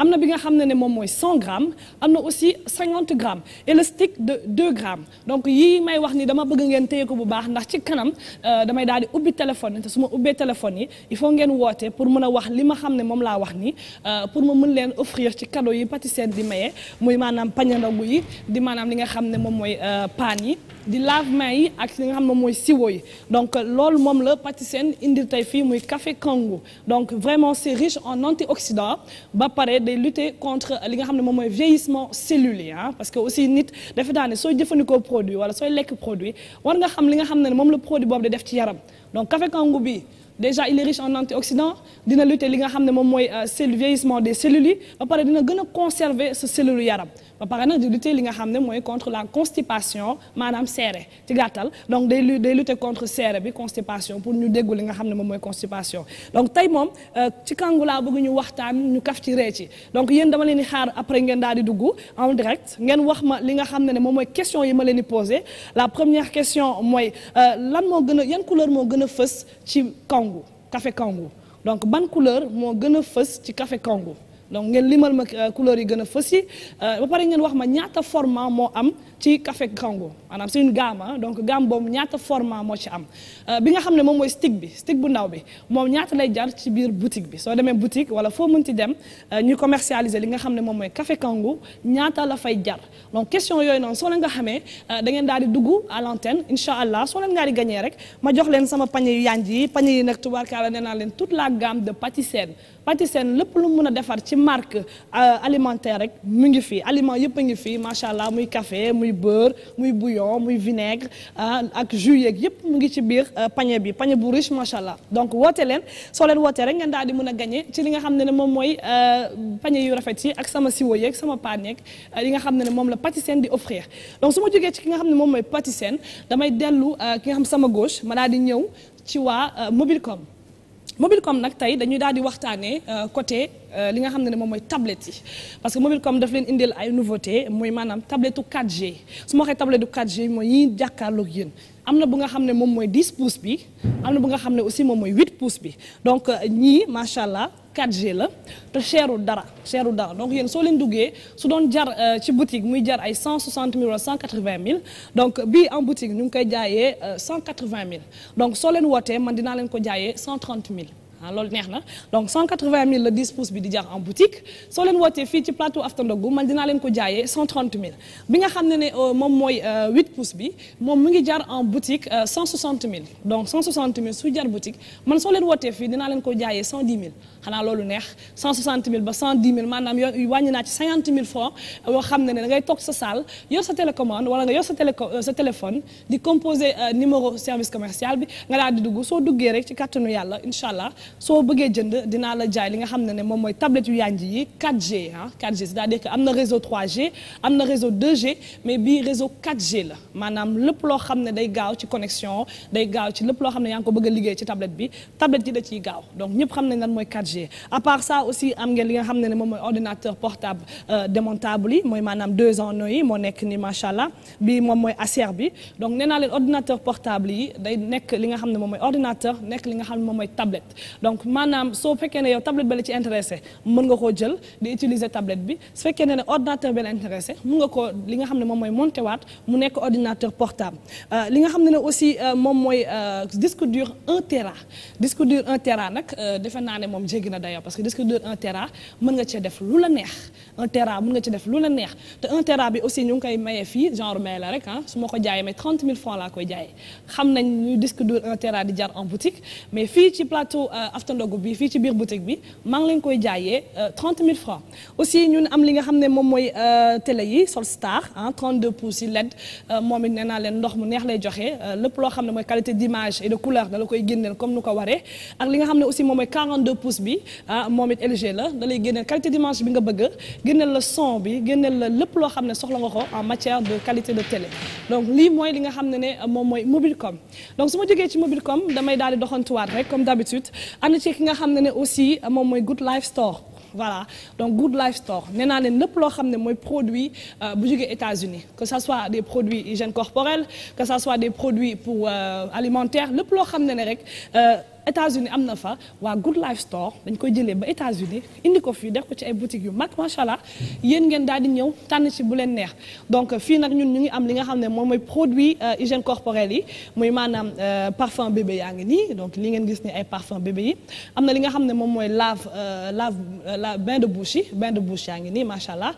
am na bi nga xam ne ne moom mooy 100 grammes am na aussi 50 grammes élastique de 2 grammes donc yii may wax nii dama bëgg ngeen téye ko bu baax ndax ci kanam euh, damay daal di ubbi téléphone te su ma ubbee téléphone yi il faut ngeen woote pour mën a wax li ma xam ne moom laa wax ni euh, pour ma mën leen offrir ci cadeau yi pâtissière di maye muy maanaam pañandogu yi di maanaam li nga xam ne moom mooy euh, paan yi di lave-mains yi ak li nga xam ne mooy siwo yi donc euh, loolu moom la Patisen indil tey fii muy café Kango donc vraiment c'est riche en antioxydants ba pare day lutter contre li nga xam ne moom mooy vieillissement cellulaire parce que aussi nit dafa daane sooy jëfandikoo produit wala sooy lekk produit war nga xam li nga xam ne moom la produit boobu di def ci yaram donc café Kango bi déjà il est riche en antioxydants dina lutter li nga xam ne moom mooy euh, cellule vieillissement des cellules yi ba pare dina gën a conserver sa cellule yaram ba pare nag di lutter li nga xam ne mooy contre la constipation maanaam seere ci gàttal donc day day lutter contre seere bi constipation pour ñu déggu li nga xam ne moom mooy constipation donc tey moom euh, ci kàngu laa bëgg ñu waxtaan ñu kaf ci ree ci donc yéen dama leen di xaar après ngeen daal di dugg en direct ngeen wax ma li nga xam ne ne moom mooy question yi ma leen di posé la première question mooy euh, lan moo gën a yan couleur moo gën a fës ci kangu café donc ban couleur moo gën a fës ci café kangu donc ngeen limal ma euh, couleur yi gën a fës yi euh, ba pare ngeen wax ma ñaata format moo am ci café Kango maanaam c'est une gamme donc gamme boobu ñaata format moo ci am euh, bi nga xam ne moom mooy stick bi stick bu ndaw bi moom ñaata lay jar ci biir boutique bi soo demee boutique wala foo mënti dem euh, ñu commercialiser li nga xam ne moom mooy café kangu ñaata la fay jar donc question yooyu noonu soo leen nga xamee euh, dangeen daal di dugg à l'antenne incha allah soo leen daal di gagné rek ma jox leen sama pañe yu yanj yi pañe yi nag tubaarkaala nee naa leen toute la gamme de pâtisserie pâtisserie lépp lu mun a defar ci marque alimentaire rek mu ngi fii aliment yëpp a ngi fii macha allah muy café muy beurre muy bouillon bouillon muy vinaigre ah, ak jus yeeg yëpp mu ngi ci biir euh, panier bi pañe bu riche macha allah donc woote leen soo leen wootee rek ngeen daal di mën a gañe ci li nga xam ne ne moom mooy euh, panier yu rafet yi ak sama siwo yeeg sama paan yeeg li euh, nga xam ne ne moom la Patisen di offrir donc su ma jógee ci ki nga xam ne moom mooy Patisen damay dellu ki nga xam sama gauche ma daal di ñëw ci waa Mobilecom Mobilcom nag tey dañuy daal di waxtaanee euh, côté euh, li nga xam ne moom mooy tablette yi parce que Mobilcom daf leen indil ay nouveauté mooy maanaam tablette 4G su ma waxee tablette 4G mooy yi jàkkaarloog yéen. am na bu nga xam ne moom mooy 10 bi am na bu nga xam ne aussi moom mooy 8 pouces bi donc euh, ñii macha allah 4G la te cherul dara cherul dara donc yéen soo leen duggee su doon jar euh, ci boutique muy jar ay 160 000 wala 180 000 donc bi en boutique ñu ngi koy jaayee 180 euh, 000 donc soo leen wootee man dinaa leen ko jaayee 130 000. ah loolu neex na donc 180 000 la 10 pouces bi di jar en boutique soo leen wootee fii ci plateau After Ndogou man dinaa leen ko jaayee bi nga xam ne ne euh, moom mooy 8 euh, pouces bi moom mu ngi jar en boutique 160 euh, 000 donc 160 000 su jar boutique man soo leen wotee fii dinaa leen ko jaayee 110 000 xanaa loolu neex 160 000 ba 110 000 maanaam yoo wàññi naa ci 50 000 francs yoo xam ne ne da ngay sa salle yor sa télécommande wala nga yor sa sa téléphone di composer numéro service commercial bi nga daal di dugg soo duggee rek ci kàttanu yàlla incha allah soo bëggee jënd dinaa la jaay li nga xam ne ne moom mooy tablette yu yanj yi 4G ah 4 cest c'est-à-dire que am na réseau 3G am na réseau 2G mais bii réseau 4G la maanaam lëpp loo xam ne day gaaw ci connexion day gaaw ci lépp loo xam ne yaa ngi ko bëgg liggéey ci tablette bi tablette yi da ciy gaaw donc ñëpp xam nañ lan mooy 4G à part aussi am ngeen li nga xam ne ne moom mooy ordinateur portable euh, démontable yi mooy maanaam deux ans yi moo nekk ni macha allah bii moom mooy acer bi donc nee ordinateur portable yi day nekk li nga xam ne moom mooy nekk li nga xam moom mooy tablette donc maanaam soo fekkee ne yow tablette ba la ci intéressé mën nga koo jël di utiliser tablette bi su fekkee ne ne ordinateur ba la intéressé mën nga koo li nga xam ne moom mooy monté waat mu nekk ordinateur portable euh, li nga xam ne ne aussi euh, moom mooy euh, disque dur 1 tera disque dur 1 tera nag defe naa ne moom jéggi na dayoo parce que disque dur 1 tera mën nga cee def lu la neex 1 tera mën nga ci def lu la neex te 1 tera bi aussi ñu ngi koy mayee fii genre may la rek ah su ko jaayee mais 30 000 laa koy jaayee xam nañ ñu disque dur 1 di jar en boutique Euh, after ndogu bi fii ci biir boutique bi maa leen koy jaayee 30 euh, 000 francs aussi ñun am li nga xam ne moom mooy euh, télé yi Solstar ah 32 pouces yi LED moom it nee naa leen ndox mu neex lay joxe lépp loo xam ne mooy qualité d'image et koy génneel comme nu ko waree li nga xam ne aussi moom mooy 42 pouces bi ah moom it LG la da lay génneel qualité d'image bi nga bëgg génneel la son bi génneel la lépp loo xam ne soxla nga ko en matière de qualité de télé donc lii mooy li nga xam ne ne moom mooy Mobilcom donc su ma jógee ci Mobilcom damay comme d'habitude ànd ci ki nga xam ne ne aussi euh, moom mooy Good Life Store voilà donc Good Life Store nee naa leen lépp loo xam ne mooy produit euh, bu jógee États-Unis que ça soit des produits hygiène corporelle que ça soit des produits pour euh, alimentaires lépp loo xam ne ne rek États-Unis am na fa waa Good Life Store dañ koy jëlee ba États-Unis indi ko fii def ko ci ay boutiques yu mag macha allah yéen ngeen daal di ñëw tànn ci bu leen neex donc fii nag ñun ñu ngi am li nga xam ne moom mooy produit euh, hygiène corporelle yi maanaam euh, parfum bébé yaa ngi nii donc li ngeen gis ni ay parfum bébé yi am na li nga xam ne moom mooy lave euh, lave la bain de bouche yi bain de yaa ngi nii macha allah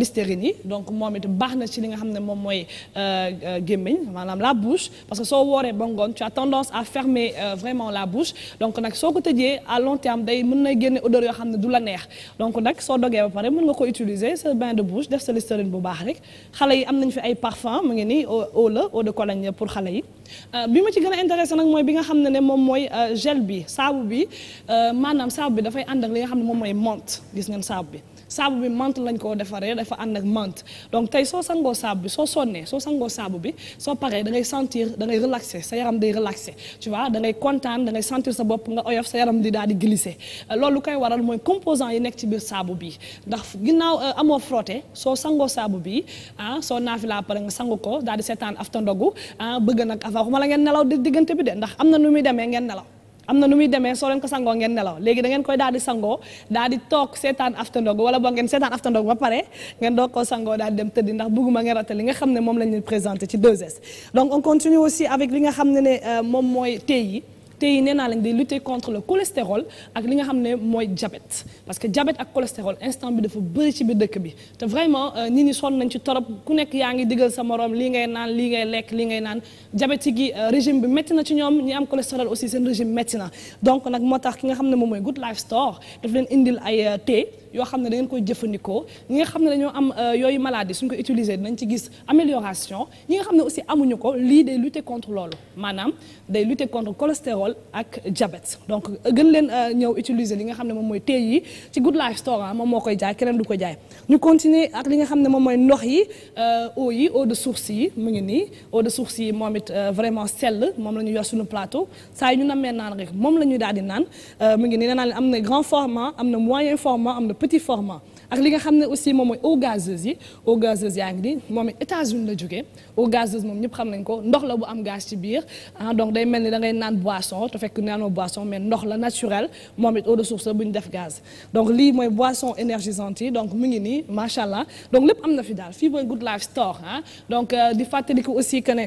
Listerine yi donc moom it baax na ci li nga xam ne moom mooy gémmiñ maanaam la bouche parce que soo wooree ba ngoon tu as à fermer vraiment la bouche donc nag soo ko tëjee à long terme day mën na génne odeur yoo xam ne du la neex donc nag soo dogee ba pare mën nga ko utiliser sa bain de bouche def sa listerine bu baax rek xale yi am nañ fi ay parfum mu ngi nii eau la eau de Cologne pour xale yi euh, bi ma ci gën a intéressé nag mooy bi nga xam ne ne moom mooy euh, gel bi saabu bi euh, maanaam saabu bi dafay ànd ak li nga xam ne moom mooy menthe gis ngeen saabu bi saabu bi menthe lañ koo defaree dafa ànd ak menthe donc tey soo sangoo saabu bi soo sonnee soo sangoo saabu bi soo paree dangay ngay sentir da ngay sa yaram day relaxé tu vois da kontaan da ngay sentir sa bopp nga oyof sa yaram di daal di glissé euh, loolu koy waral mooy composant yi nekk ci biir saabu bi ndax ginnaaw euh, amoo frotté soo sangoo saabu bi ah soo naafi laa pare nga sangu ko daal di seetaan afta ndogu ah bëgg nag avant xuma la ngeen nelaw di diggante bi de ndax am na nu muy demee ngeen nelaw am na nu muy demee soo leen ko sangoo ngeen nelaw léegi da ngeen koy daal di sangoo daal di toog seetaan after ndog wala boo ngeen seetaan after ndog ba pare ngeen doog koo sangoo daal di dem tëddi ndax bëgguma ngeen raté li nga xam ne moom lañ leen présenté ci 2S donc on continue aussi avec li nga xam ne ne euh, moom mooy tey yi tey nee naa lañ di lutter contre le cholestérol ak li nga xam ne mooy diabète parce que diabète ak cholestérol instant bi dafa bëri ci biir dëkk bi te vraiment euh, nit ñi sonn nañ ci torop ku nekk yaa ngi digal sa morom lii ngay naan lii ngay lekk lii ngay naan diabétique yi euh, régime bi métti na ci ñoom ñi am cholestérol aussi seen régime métti na donc nag moo tax ki nga xam ne moom mooy Good Life Store daf leen indil ay euh, thé yoo xam ne da ngeen koy jëfandikoo ñi nga xam ne dañoo am euh, yooyu maladie suñ ko utiliser dinañ ci gis amélioration ñi nga xam ne aussi amuñu ko lii day lutter contre loolu maanaam day lutter contre cholestérol ak diabète donc euh, gën leen euh, ñëw utiliser li nga xam ne moom mooy tey yi ci Good Life Store ah, moom moo koy jaay keneen du ko jaay ñu continuer ak li nga xam ne moom mooy ndox yi eau yi eau de source yi mu ngi nii eau de source yi moom it vraiment sell moom la ñu yor suñu plateau saa yi ñu namee naan rek moom la ñuy daal di naan mu ngi nii nee naa leen am na grand format am na moyen format am petit format ak li nga xam ne aussi moom mooy eau gazeuse yi eau gazeuse yaa ngi moom it États-Unis la jógee eau gazeuse moom ñëpp xam nañ ko ndox la bu am gas ci biir ah donc day mel ni da naan boisson te fekk naanoo boisson mais ndox la naturel moom it eau de source la bu def gaz donc lii mooy boisson énergisante yi donc mu ngi nii macha allah donc lépp am na fi daal fii mooy Good Life Store ah donc euh, di fàttali ko aussi que ne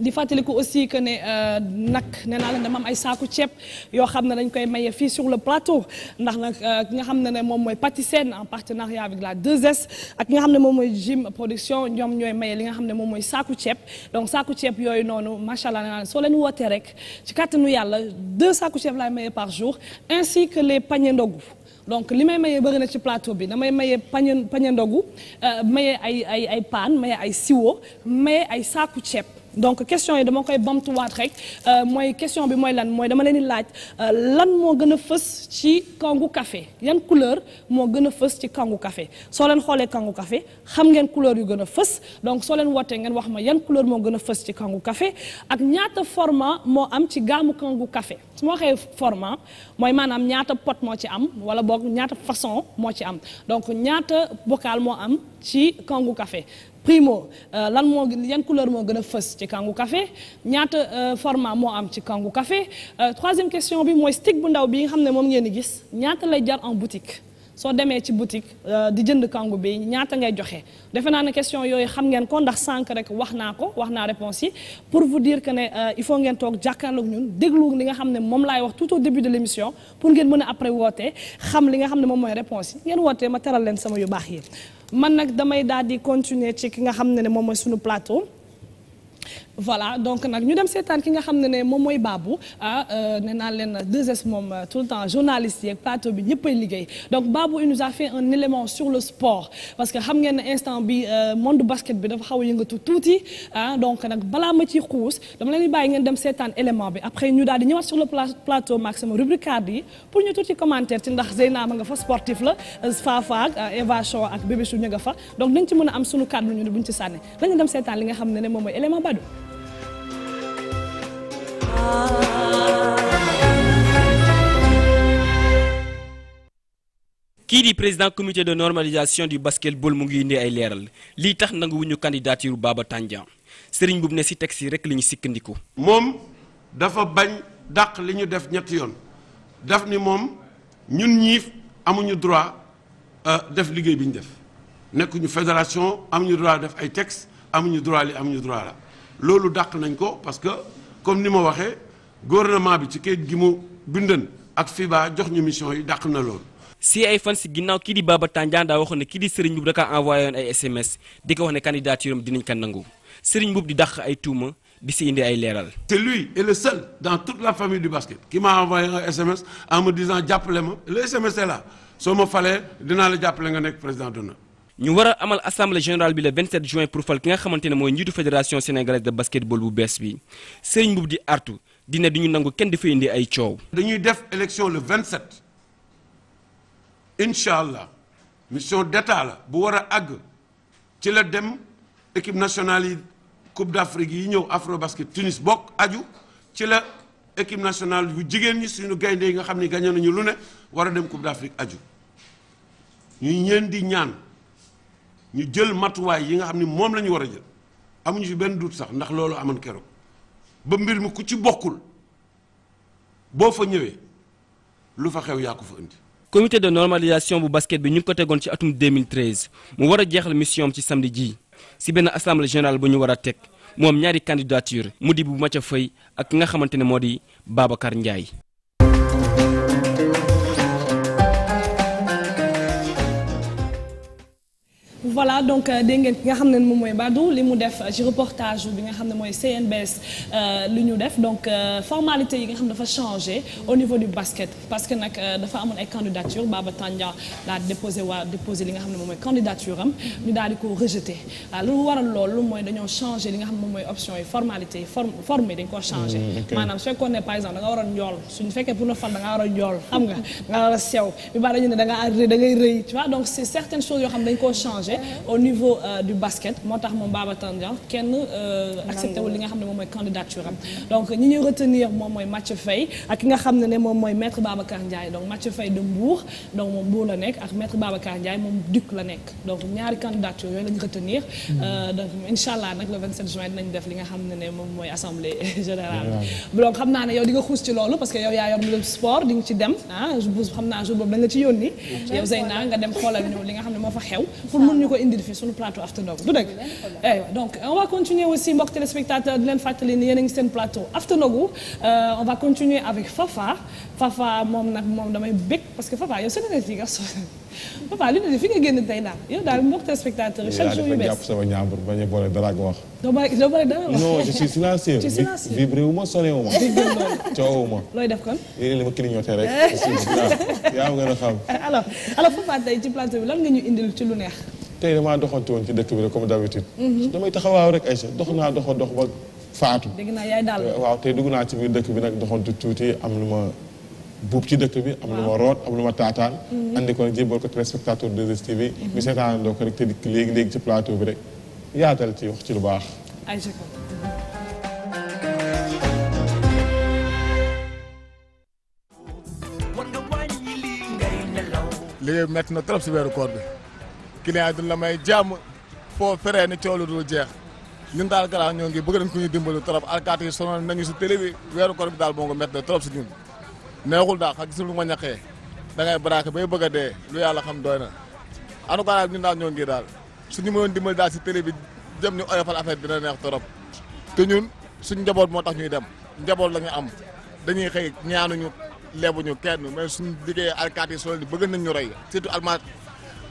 di ko aussi que ne euh, nag nee naa leen dama am ay saaku ceeb yoo xam ne dañ koy mayee fii sur le plateau ndax nag euh, ki nga xam ne ne moom mooy Patisen en partenariat avec la 2S ak nga xam ne moom mooy Jim production ñoom ñooy maye li nga xam ne moom mooy saaku ceeb donc saaku ceeb yooyu noonu macha allah nee naa leen soo rek ci kàttanu yàlla deux saaku ceeb laay maye par jour ainsi que les paniers ndogu. donc li may mayee bëri na ci plateau bi damay mayee pañe pañe ndogu euh, ay ay ay paan mayee ay siwo mayee ay saaku ceeb donc question yi dama koy bamtuwaat rek euh, mooy question bi mooy lan mooy dama leen di laaj euh, lan moo gën a fës ci kangu kafe yan couleur moo gën a fës ci kangu kafe soo leen xoolee kangu café xam ngeen couleur yu gën a fës donc soo leen wootee ngeen wax ma yan couleur moo gën a fës ci kangu kafe ak ñaata format moo am ci gaamu kangu kafe su ma waxee format mooy maanaam ñaata pot moo ci am wala boog ñaata façon moo ci am donc ñaata bocal moo am ci kangu kafe primo euh, lan moo yan couleur moo gën a fës ci kangu café ñaata euh, format moo am ci kangu kafe euh, troisième question bi mooy stick bu ndaw bi nga xam ne moom ngeen di gis ñaata lay jar en boutique soo demee ci boutique di jënd kangu bi ñaata ngay joxe defe naa ne question yooyu xam ngeen ko ndax sànq rek wax naa ko wax naa réponse yi pour vous dire que ne il faut ngeen toog déglu li nga xam ne moom laay wax tout au début de l' émission pour ngeen mën a après woote xam li nga xam ne moom mooy réponse yi ngeen wootee ma teral leen sama yu baax yi man nag damay daal di continuer ci ki nga xam ne ne moom mooy suñu plateau voilà donc nag ñu dem seetaan ki nga xam ne ne moom mooy Babou ah euh, naa leen 2S moom euh, tout le temps journaliste yeeg plateau bi ñëppay liggéey donc Babou il nous a fait un élément ngeen ne instant bi euh, monde basket bi dafa xaw a yëngatu tuuti ah donc nag balaa ma ciy xuus dama ngeen dem seetaan élément bi après ñu daal di ñëwaat sur le plateau maximum rubrique yi pour ñu tuuti commentaire ci ndax ma nga fa sportif la Fafa ak Eva Show ak Bébé Chou ñu nga fa donc a am sunu li nga xam ne ne moom mooy élément Badou kii di président comité de normalisation du basketball mu ngi indi ay leeral li tax nanguwuñu candidature baaba Tandian sëriñ Boub ne si teg si rek li ñu sikkandiku. moom dafa bañ dàq li ñu def ñetti yoon daf ni moom ñun ñiif amuñu droit euh, def liggéey bi ñu def nekkuñu fédération amuñu droit def ay tex amuñu droit li amuñu droit la loolu dàq nañ ko parce comme ni ma waxee gouvernement bi ci kayit gi mu bindan ak FIBA jox ñu mission yi daq na loolu. si ay fan si ginnaaw kii di baaba Tandian daa waxoon ne kii di Serigne Mboup da envoyé woon ay SMS di ko wax ne candidature am dinañ ko nangu Serigne Mboup di dàq ay tuuma di si indi ay leeral. te lui et le seul dans toute la famille du basket qui m'a envoyé un SMS en me disant jàppale ma le SMS est là soo ma falee dinaa la jàppale nga nekk président d'honneur ñu war a amal assemblée générale bi le 27 juin pour fal ki nga xamante ne mooy njiitu fédération sénégalaise de basketball bu bees bi Serigne Mboup di artu dina du ñu nangu kenn dafay indi ay coow. dañuy def élection le 27 incha allah mission d'état la bu war a àgg ci la dem équipe nationale yi coupe d'Afrique yi ñëw Afrobasket Tunis bokk aju ci la équipe nationale bu jigéen ñi suñu gaynde yi nga xam ne gagné nañu lu ne war a dem coupe d'Afrique aju ñuy di ñaan. ñu jël matuwaay yi nga xam ni moom la ñu war a jël amuñu fi benn duut sax ndax loolu amoon keroog ba mbir mi ku ci bokkul boo fa ñëwee lu fa xew yaa ko fa indi. comité de normalisation bu basket bi ñu ngi ko tegoon ci atum 2013 mu war a jeexal mission ci samedi ji si benn assemble générale bu ñu war a teg moom ñaari candidature mu di bu Mathia Faye ak ki nga xamante ne moo di Babacar Ndiaye. voilà donc euh, dégg ngeen ki nga xam ne moom mooy Badou li mu def ci reportage bi nga xam ne mooy CNBS euh, li ñu def euh, formalité yi nga xam dafa changé au niveau du basket parce que nag dafa amoon ay candidature Baba Tandia daal déposé waa déposé li nga xam ne moom mooy candidature am ñu daal ko rejeté waaw lu waral loolu mooy dañoo changé li nga xam ne moom mooy option yi formalité yi forme dañ koo changé hmm, maanaam su fekkoon ne par exemple da nga war a njool suñu fekkee pour la fal da nga war a xam nga da nga war a sew bi baa dañu ne da nga da ngay rëy tu changé au niveau euh, du basket moo tax moom Baba Tandian kenn euh, accepté wu li nga xam ne moom mooy candidature am donc ñi ñuy retenir moom mooy Mathieu Faye ak ki nga xam ne ne moom mooy maître Babacar Ndiaye donc Mathieu Faye de Mbour donc moom Mbour moom Duc la nekk donc ñaari candidature yooyu la ñu retenir hmm. euh, donc incha allah nag le 27 juin moom mooy assemblée générale donc xam naa ne yow di nga xuus ci loolu parce que yow yaa yor le sport di nga ci dem ah xam naa li nga xam ne moo fa xew pour mun ñu ko indil fii suñu plateau After Ndogou du dëgg eh, donc on va continuer aussi mbokk téléspectateur di leen fàttali ni yéen a ngi seen plateau After Ndogou euh, on va continuer avec Fafa Fafa moom nag moom damay bég parce que Fafa yow sa lunette yi nga sol Fafa lunette yi fi nga génn tey daal yow daal mbokk téléspectateur yi chaque jour yu bees jàpp sama ñaambur bañ boole dara ak wax doo bëri doo bëri dara non je suis silencieux tu es silencieux vibré wu ma sonné wu ma coowu looy def kon yéen li ma clignoté rek yaa ma gën lan nga ñu indil ci lu neex tey damaa doxantu woon ci dëkk bi rek comme d'habitude mhm. damay taxawaaw rek Aïcha dox naa doxa dox ba faatu eh, waaw tey dugg naa ci biir dëkk bi nag doxantu tuuti am lu ma buub ci dëkk bi am lu ma root am lu ma taataan mhm. andi ko nag jébbal ko téléspectateur de 2STV mhm. ñu seetaan doo ko rek te dikk léegi léegi ci plateau bi rek yaatal ci wax ci lu baax liggéey na si weeru client duñ la may jàmm foo feree ni coow lu dul jeex ñun daal garaaw ñoo ngi bëgg nañ ko ñu dimbali trop alkaati yi sonal nañu si télé bi weeru koor bi daal moo ngi métti na trop si ñun neexul daal lu ma ñaqee da ngay braqué bay bëgg a dee lu yàlla xam doy na en tout cas ñun daal ñoo ngi daal suñu mënoon dimbali daal si télé bi jëm ñu oyofal affaire dina neex trop te ñun suñu njaboot moo tax ñuy dem njaboot la ñu am dañuy xëy ñaanuñu lebuñu kenn mais suñu liggéey alkaati yi sonal di bëgg nañ ñu rey surtout almaat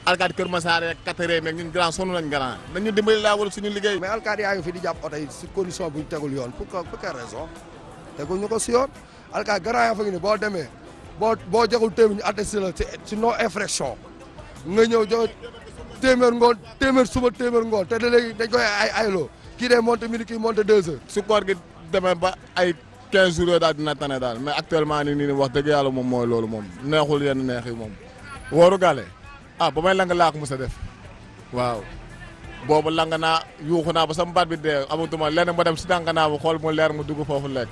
alkaati Kër Masar ak Kateré meeg ñun grand sonn nañ grand nañu dimbali laa wala suñu liggéey. mais alkaati yaa fi di jàpp oto si condition bu tegul yoon pour pour quelle raison tegul ñu ko si yoon alkaati grand yaa fa ngi boo demee boo boo joxul téeméer ñu attesté la ci non nga ñëw jox téeméer ngoon téeméer suba téeméer ngoon te da léegi dañ kii day monté midi kii monté deux heures. su koor gi demee ba ay. 15 jours daal dina tane daal mais actuellement nii nii wax dëgg yàlla moom mooy loolu moom neexul yenn neex yi moom waru ah ba may lang laa ko mos a def waaw boobu lang naa yuuxu ba sama baat bi dee amatuma lenn ma dem si dànga naa ma xool mu leer mu dugg foofu lekk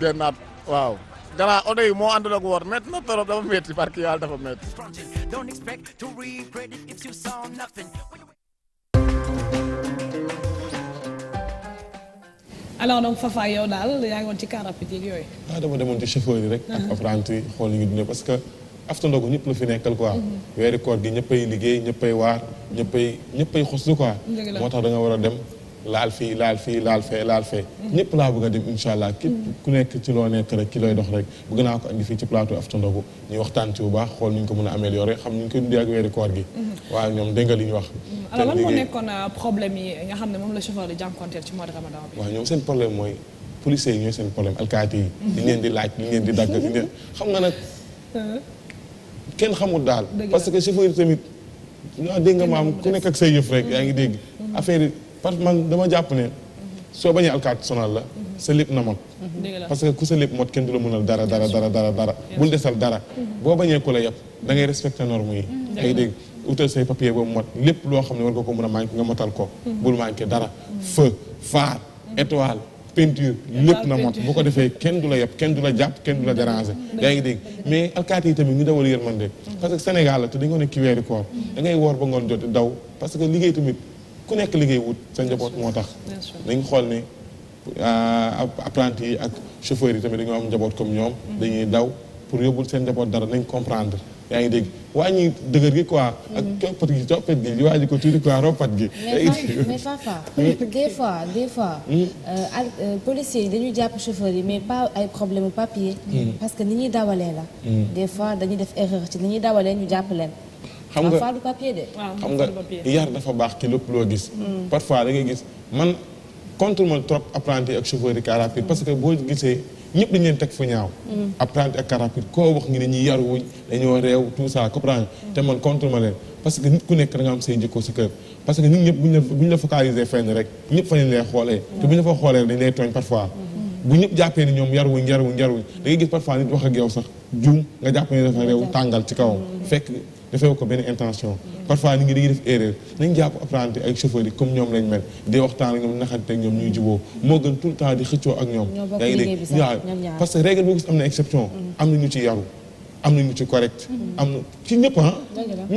génnaat waaw. gannaaw oto moo àndul ak woor métti na torop dafa métti parce que dafa métti. alors donc Fafa yow daal yaa ngi ci car rapide yeeg yooyu. Ah, afta ndogu ñëpp la fi nekkal quoi mm-hmm. weeri koor gi ñëppay liggéey ñëppay waar ñëppay ñëppay xoslu quoi moo tax da war a dem laal fii laal fii laal fee laal fe mm-hmm. ñëpp laa bëgg a dem incha allah képp mm-hmm. ku nekk ci loo nekk rek ki looy dox rek bëgg naa ko andi fii ci plateau afta ndogu ñu waxtaan ci bu baax xool nu ñu ko mën a améliorer xam nu ñu koy dundee ak weeri koor gi waaw li ñu wax alors lan moo nekkoon euh, problème xam ne moom la chauffeur di jànkonteel ci mois de ramadan bi waaw ñoom seen problème mooy policiers yi ñooy seen problème alkaati yi li ngeen di laaj li ngeen di dagg li ngeen xam nga kenn xamul daal parce que chauffeur yi tamit ñoo ah, dégg nga maam ku nekk ak say yëf rek yaa ngi dégg mm-hmm. affaire yi parce que man dama jàpp ne mm-hmm. soo bañee alkaati sonal la mm-hmm. sa lépp na mot parce que ku sa lépp mot kenn du la mënal dara dara dara dara dara bul desal dara boo bañee ku la yàpp da ngay respecté norme yi yaa ngi dégg utal say papier boobu mot lépp loo xam ne war nga ko mën a manqué nga motal ko bul manqué dara feu phare étoile peinture lépp na mot bu ko defee kenn du la yab kenn du la jàpp kenn du la déranger mm-hmm. yaa ngi dégg mais alkaati yi tamit ñu dawal yërmande mm-hmm. parce que Sénégal la te dañoo nekk ci weeri koor mm-hmm. da ngay woor ba ngoon jot daw parce que liggéey tamit ku nekk liggéey wut sa njaboot moo tax dañu xool ne ah, ah, apprenti yi ak chauffeur yi tamit dañoo am njaboot comme ñoom dañuy daw pour yóbbul seen njaboot dara nañ comprendre yaa ngi dégg wàññi dëgër gi quoi. ak coppat gi coppat gi di wàññi ko tuuti quoi roppat gi. mais Fafa mm-hmm. des fois des fois. Mm-hmm. Euh, euh, policiers yi dañuy jàpp chauffeur yi mais pas ay problème papier. Mm-hmm. parce que ni ñuy dawalee la. des fois dañuy def erreur ci ni ñuy dawalee ñu jàpp leen. xam nga faadu xam nga yar dafa baax ci lépp loo gis. Mm. parfois da ngay gis man contre ma trop apprenti ak chauffeur yi parce que boo gisee. ñëpp dañ leen teg fu ñaaw. Mm. apprenti ak carapide koo wax ngi ne ñi yaruwuñ dañoo réew tout ça comprendre mm. te man contre ma leen parce que nit ku nekk da nga am say jikko sa kër parce que nit ñëpp buñ la la focaliser fenn rek ñëpp fa lañ lay xoolee. Mm. te buñ la fa xoolee dañ lay tooñ parfois. bu ñëpp jàppee ni ñoom yaruwuñ yaruwuñ yaruwuñ da ngay gis parfois nit wax ak yow sax juum nga jàpp ne dafa réew tàngal ci kawam fekk. defee ko benn intention parfois ñu ngi dañuy def erreur nañ jàpp apprenti ay chauffeurs yi comme ñoom lañ mel di waxtaan ak ñoom naxante ak ñoom ñuy juboo moo gën tout le temps di xëccoo ak ñoom yaa parce que règle boo gis am na exception mm-hmm. am na ñu ci yaru am na ñu ci correct mm-hmm. am na ci ñëpp ah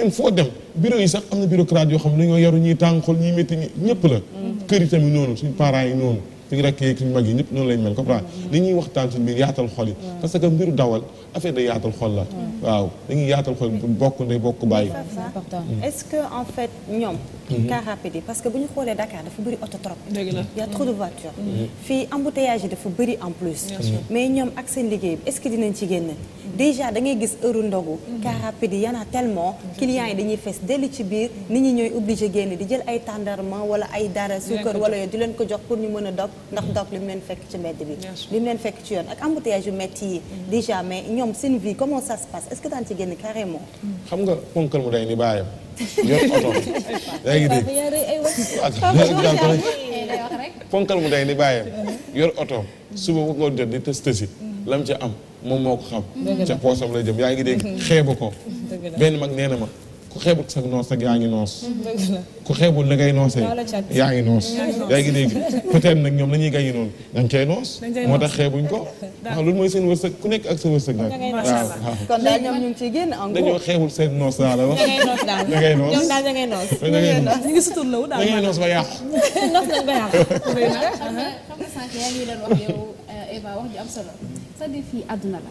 foo dem bureau yi sax am na bureaucrate yoo xam ne dañoo yaru ñuy tànqol ñuy métti ñi ñëpp la mm-hmm. kër yi tamit noonu suñu parents yi noonu suñu rakk yeeg suñu mag yi ñëpp noonu lañ mel comprendre li mm-hmm. ñuy waxtaan mm-hmm. que mbiru mm-hmm. que en fait ñoom car rapide que bu ñu xoolee Dakar dafa bëri oto trop y a trop de voitures fii embouteillage que dinañ ci génn déjà da ngay gis heure yi yana tellement clients yi dañuy fees dellu ci biir nit ñi ñooy obligé génn di jël ay tàndarma wala ay dara suukar wala yooyu di leen ko jox pour ñu mën a dog ndax ndax li mu leen fekk ci mbedd bi li mu leen fekk ci yoon ak embouteillage yu métti yi mhm. déjà mais ñoom seen vie comment ça se passe est daan ci génn carrément mhm. xam nga ponkal mu day ni bàyyam yor oto yaa ngi dégg ponkal mu day ni bàyyam mhm. yor oto suba bu ngoon jot di tës tësi lam ci am moom moo ko xam ca poosam la jëm yaa ngi dégg xeeba ko benn mag nee na ma ku xeebut sag noos ak yaa ngi noos ku xeebul la ngay yaa ngi noos yaa ngi dégg peut-être nag ñoom la ñuy dañ cay noos moo tax xeebuñ ko waaw loolu mooy seen wërsëg ku nekk ak sa wërsëg nag waaw kon daal ngi noos ba yàqu noos ngi doon wax yow euh, Eva la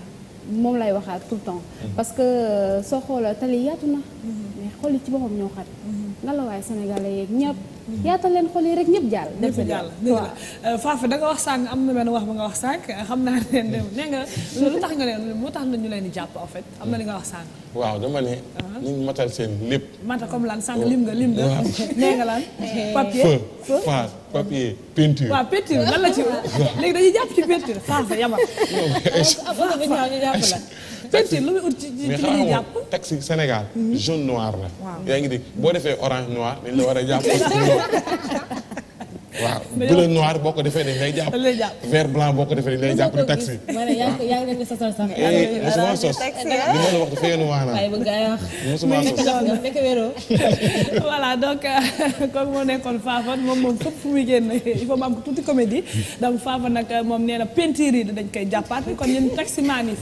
moom lay waxaat tout le temps mhm. parce que euh, soo xoola tali yaatu na mhm. mais xool ci boppam ñoo xat mhm. nga la waaye sénégalais yeeg ñëpp yaatal leen xol yi rek ñëpp jàll. ñëpp jàll la euh, Fafa da wax sànq am na benn wax ba nga wax sànq xam naa ne hmm. nee nga loolu tax nga leen moo tax ñu leen di jàpp en fait am na li nga wax sànq. waaw dama ne. Uh-huh. ñu matal seen lépp. matal comme lan sànq lim nga lim nga. nee nga lan eh. papier. feu faas papier peinture. waaw peinture lan la ci léegi dañuy jàpp ci peinture Fafa yama. am na ñu jàpp la. peinture lu taxi Sénégal hmm. jaune noir la yaa ngi de boo defee orange noir dañ la war a jàpp waaw bleu noir boo ko defee nii ngay jàpp. vert blanc boo ko defee nii ngay jàpp di taxi. ma ne yaa ngi yaa ngi leen di sosal sax. Eh, ma la wax dafa yéen waana. waaye bëgg naa mosuma sos nekk wéroo. voilà donc euh, kooku am euh, na peinture yi dañ koy jàppaat kon yéen taximan yi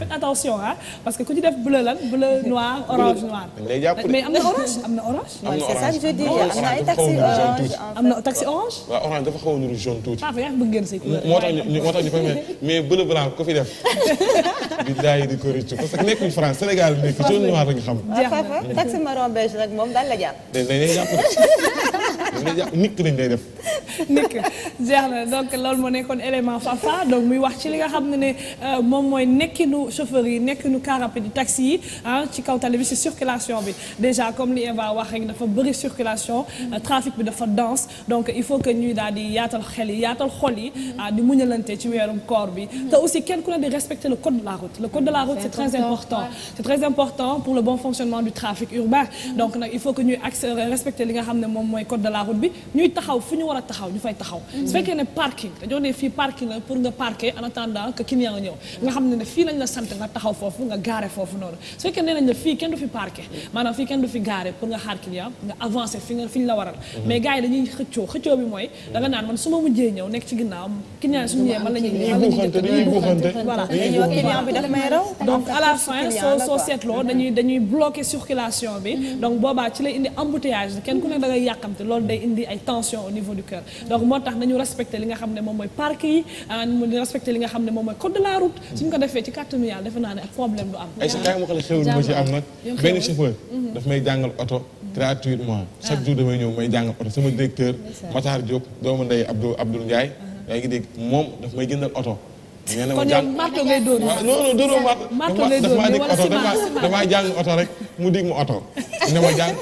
parce que ku ci def bleu lan bleu noir orange noir. mais am na orange am na orange. am na orange am na orange am na orange. blanc dafa xaw a nuru jaune tuuti. papa yaa ngi bëgg moo tax mais mais bleu ko fi def. di daay di ko rëccu parce que nekk jaune noir rek nga xam. papa taxi marron beige nag moom daal la jàpp. dañ lay jàpp dañ lay jàpp nikk lañ lay na donc loolu li nga xam ne ne euh, moom mooy nekkinu chauffeur yi nekkinu car rapide yi taxi ci kaw tali bi si circulation bi déjà comme li Eva wax rek dafa bëri circulation euh, trafic bi dafa dense donc il faut que ñuy daal di yaatal xel yi yaatal xol yi ah, di muñalante ci weerum koor bi te aussi kenn ku ne di respecter le code de la route le code de la route c'est très important c'est très important pour le bon fonctionnement du trafic urbain mm-hmm. donc nag il faut que ñuy respecter li nga xam ne moom mooy code de la route bi ñuy taxaw fu ñu war a taxaw ñu fay taxaw mm-hmm. su fekkee ne parking dañoo ne fii parking pour nga parquer en attendant que client ñëw nga xam avancer fi fi ñu la waral mm-hmm. mais gars yi nga naan man su ma mujjee ñëw nekk ci ginnaaw client su ñëwee man la ñuy ñuy buuxante dañuy buuxante voilà client bi daf may raw donc à la fin soo soo seetloo dañuy dañuy bloqué circulation bi mm-hmm. donc boobaa ci lay indi embouteillage kenn ku nekk da yàqamte loolu day indi ay tension au niveau du cœur donc moo tax nañu respecté li nga xam ne moom mooy parc yi ah, ñu respecté li nga xam ne moom mooy code de la route mm-hmm. suñ ko defee ci kàttanu yàlla defe naa ne ak problème du am gratuitement chaque jour damay ñëw may jàng oto sama directeur Matar Diop doomu ndey Abdou Abdoul Ndiaye uh-huh. yaa ngi dégg moom daf may gëndal oto nee na ma jàng marto ngay dóor non non dóoroo damaa jàng oto rek mu dégg ma oto ne ma jàng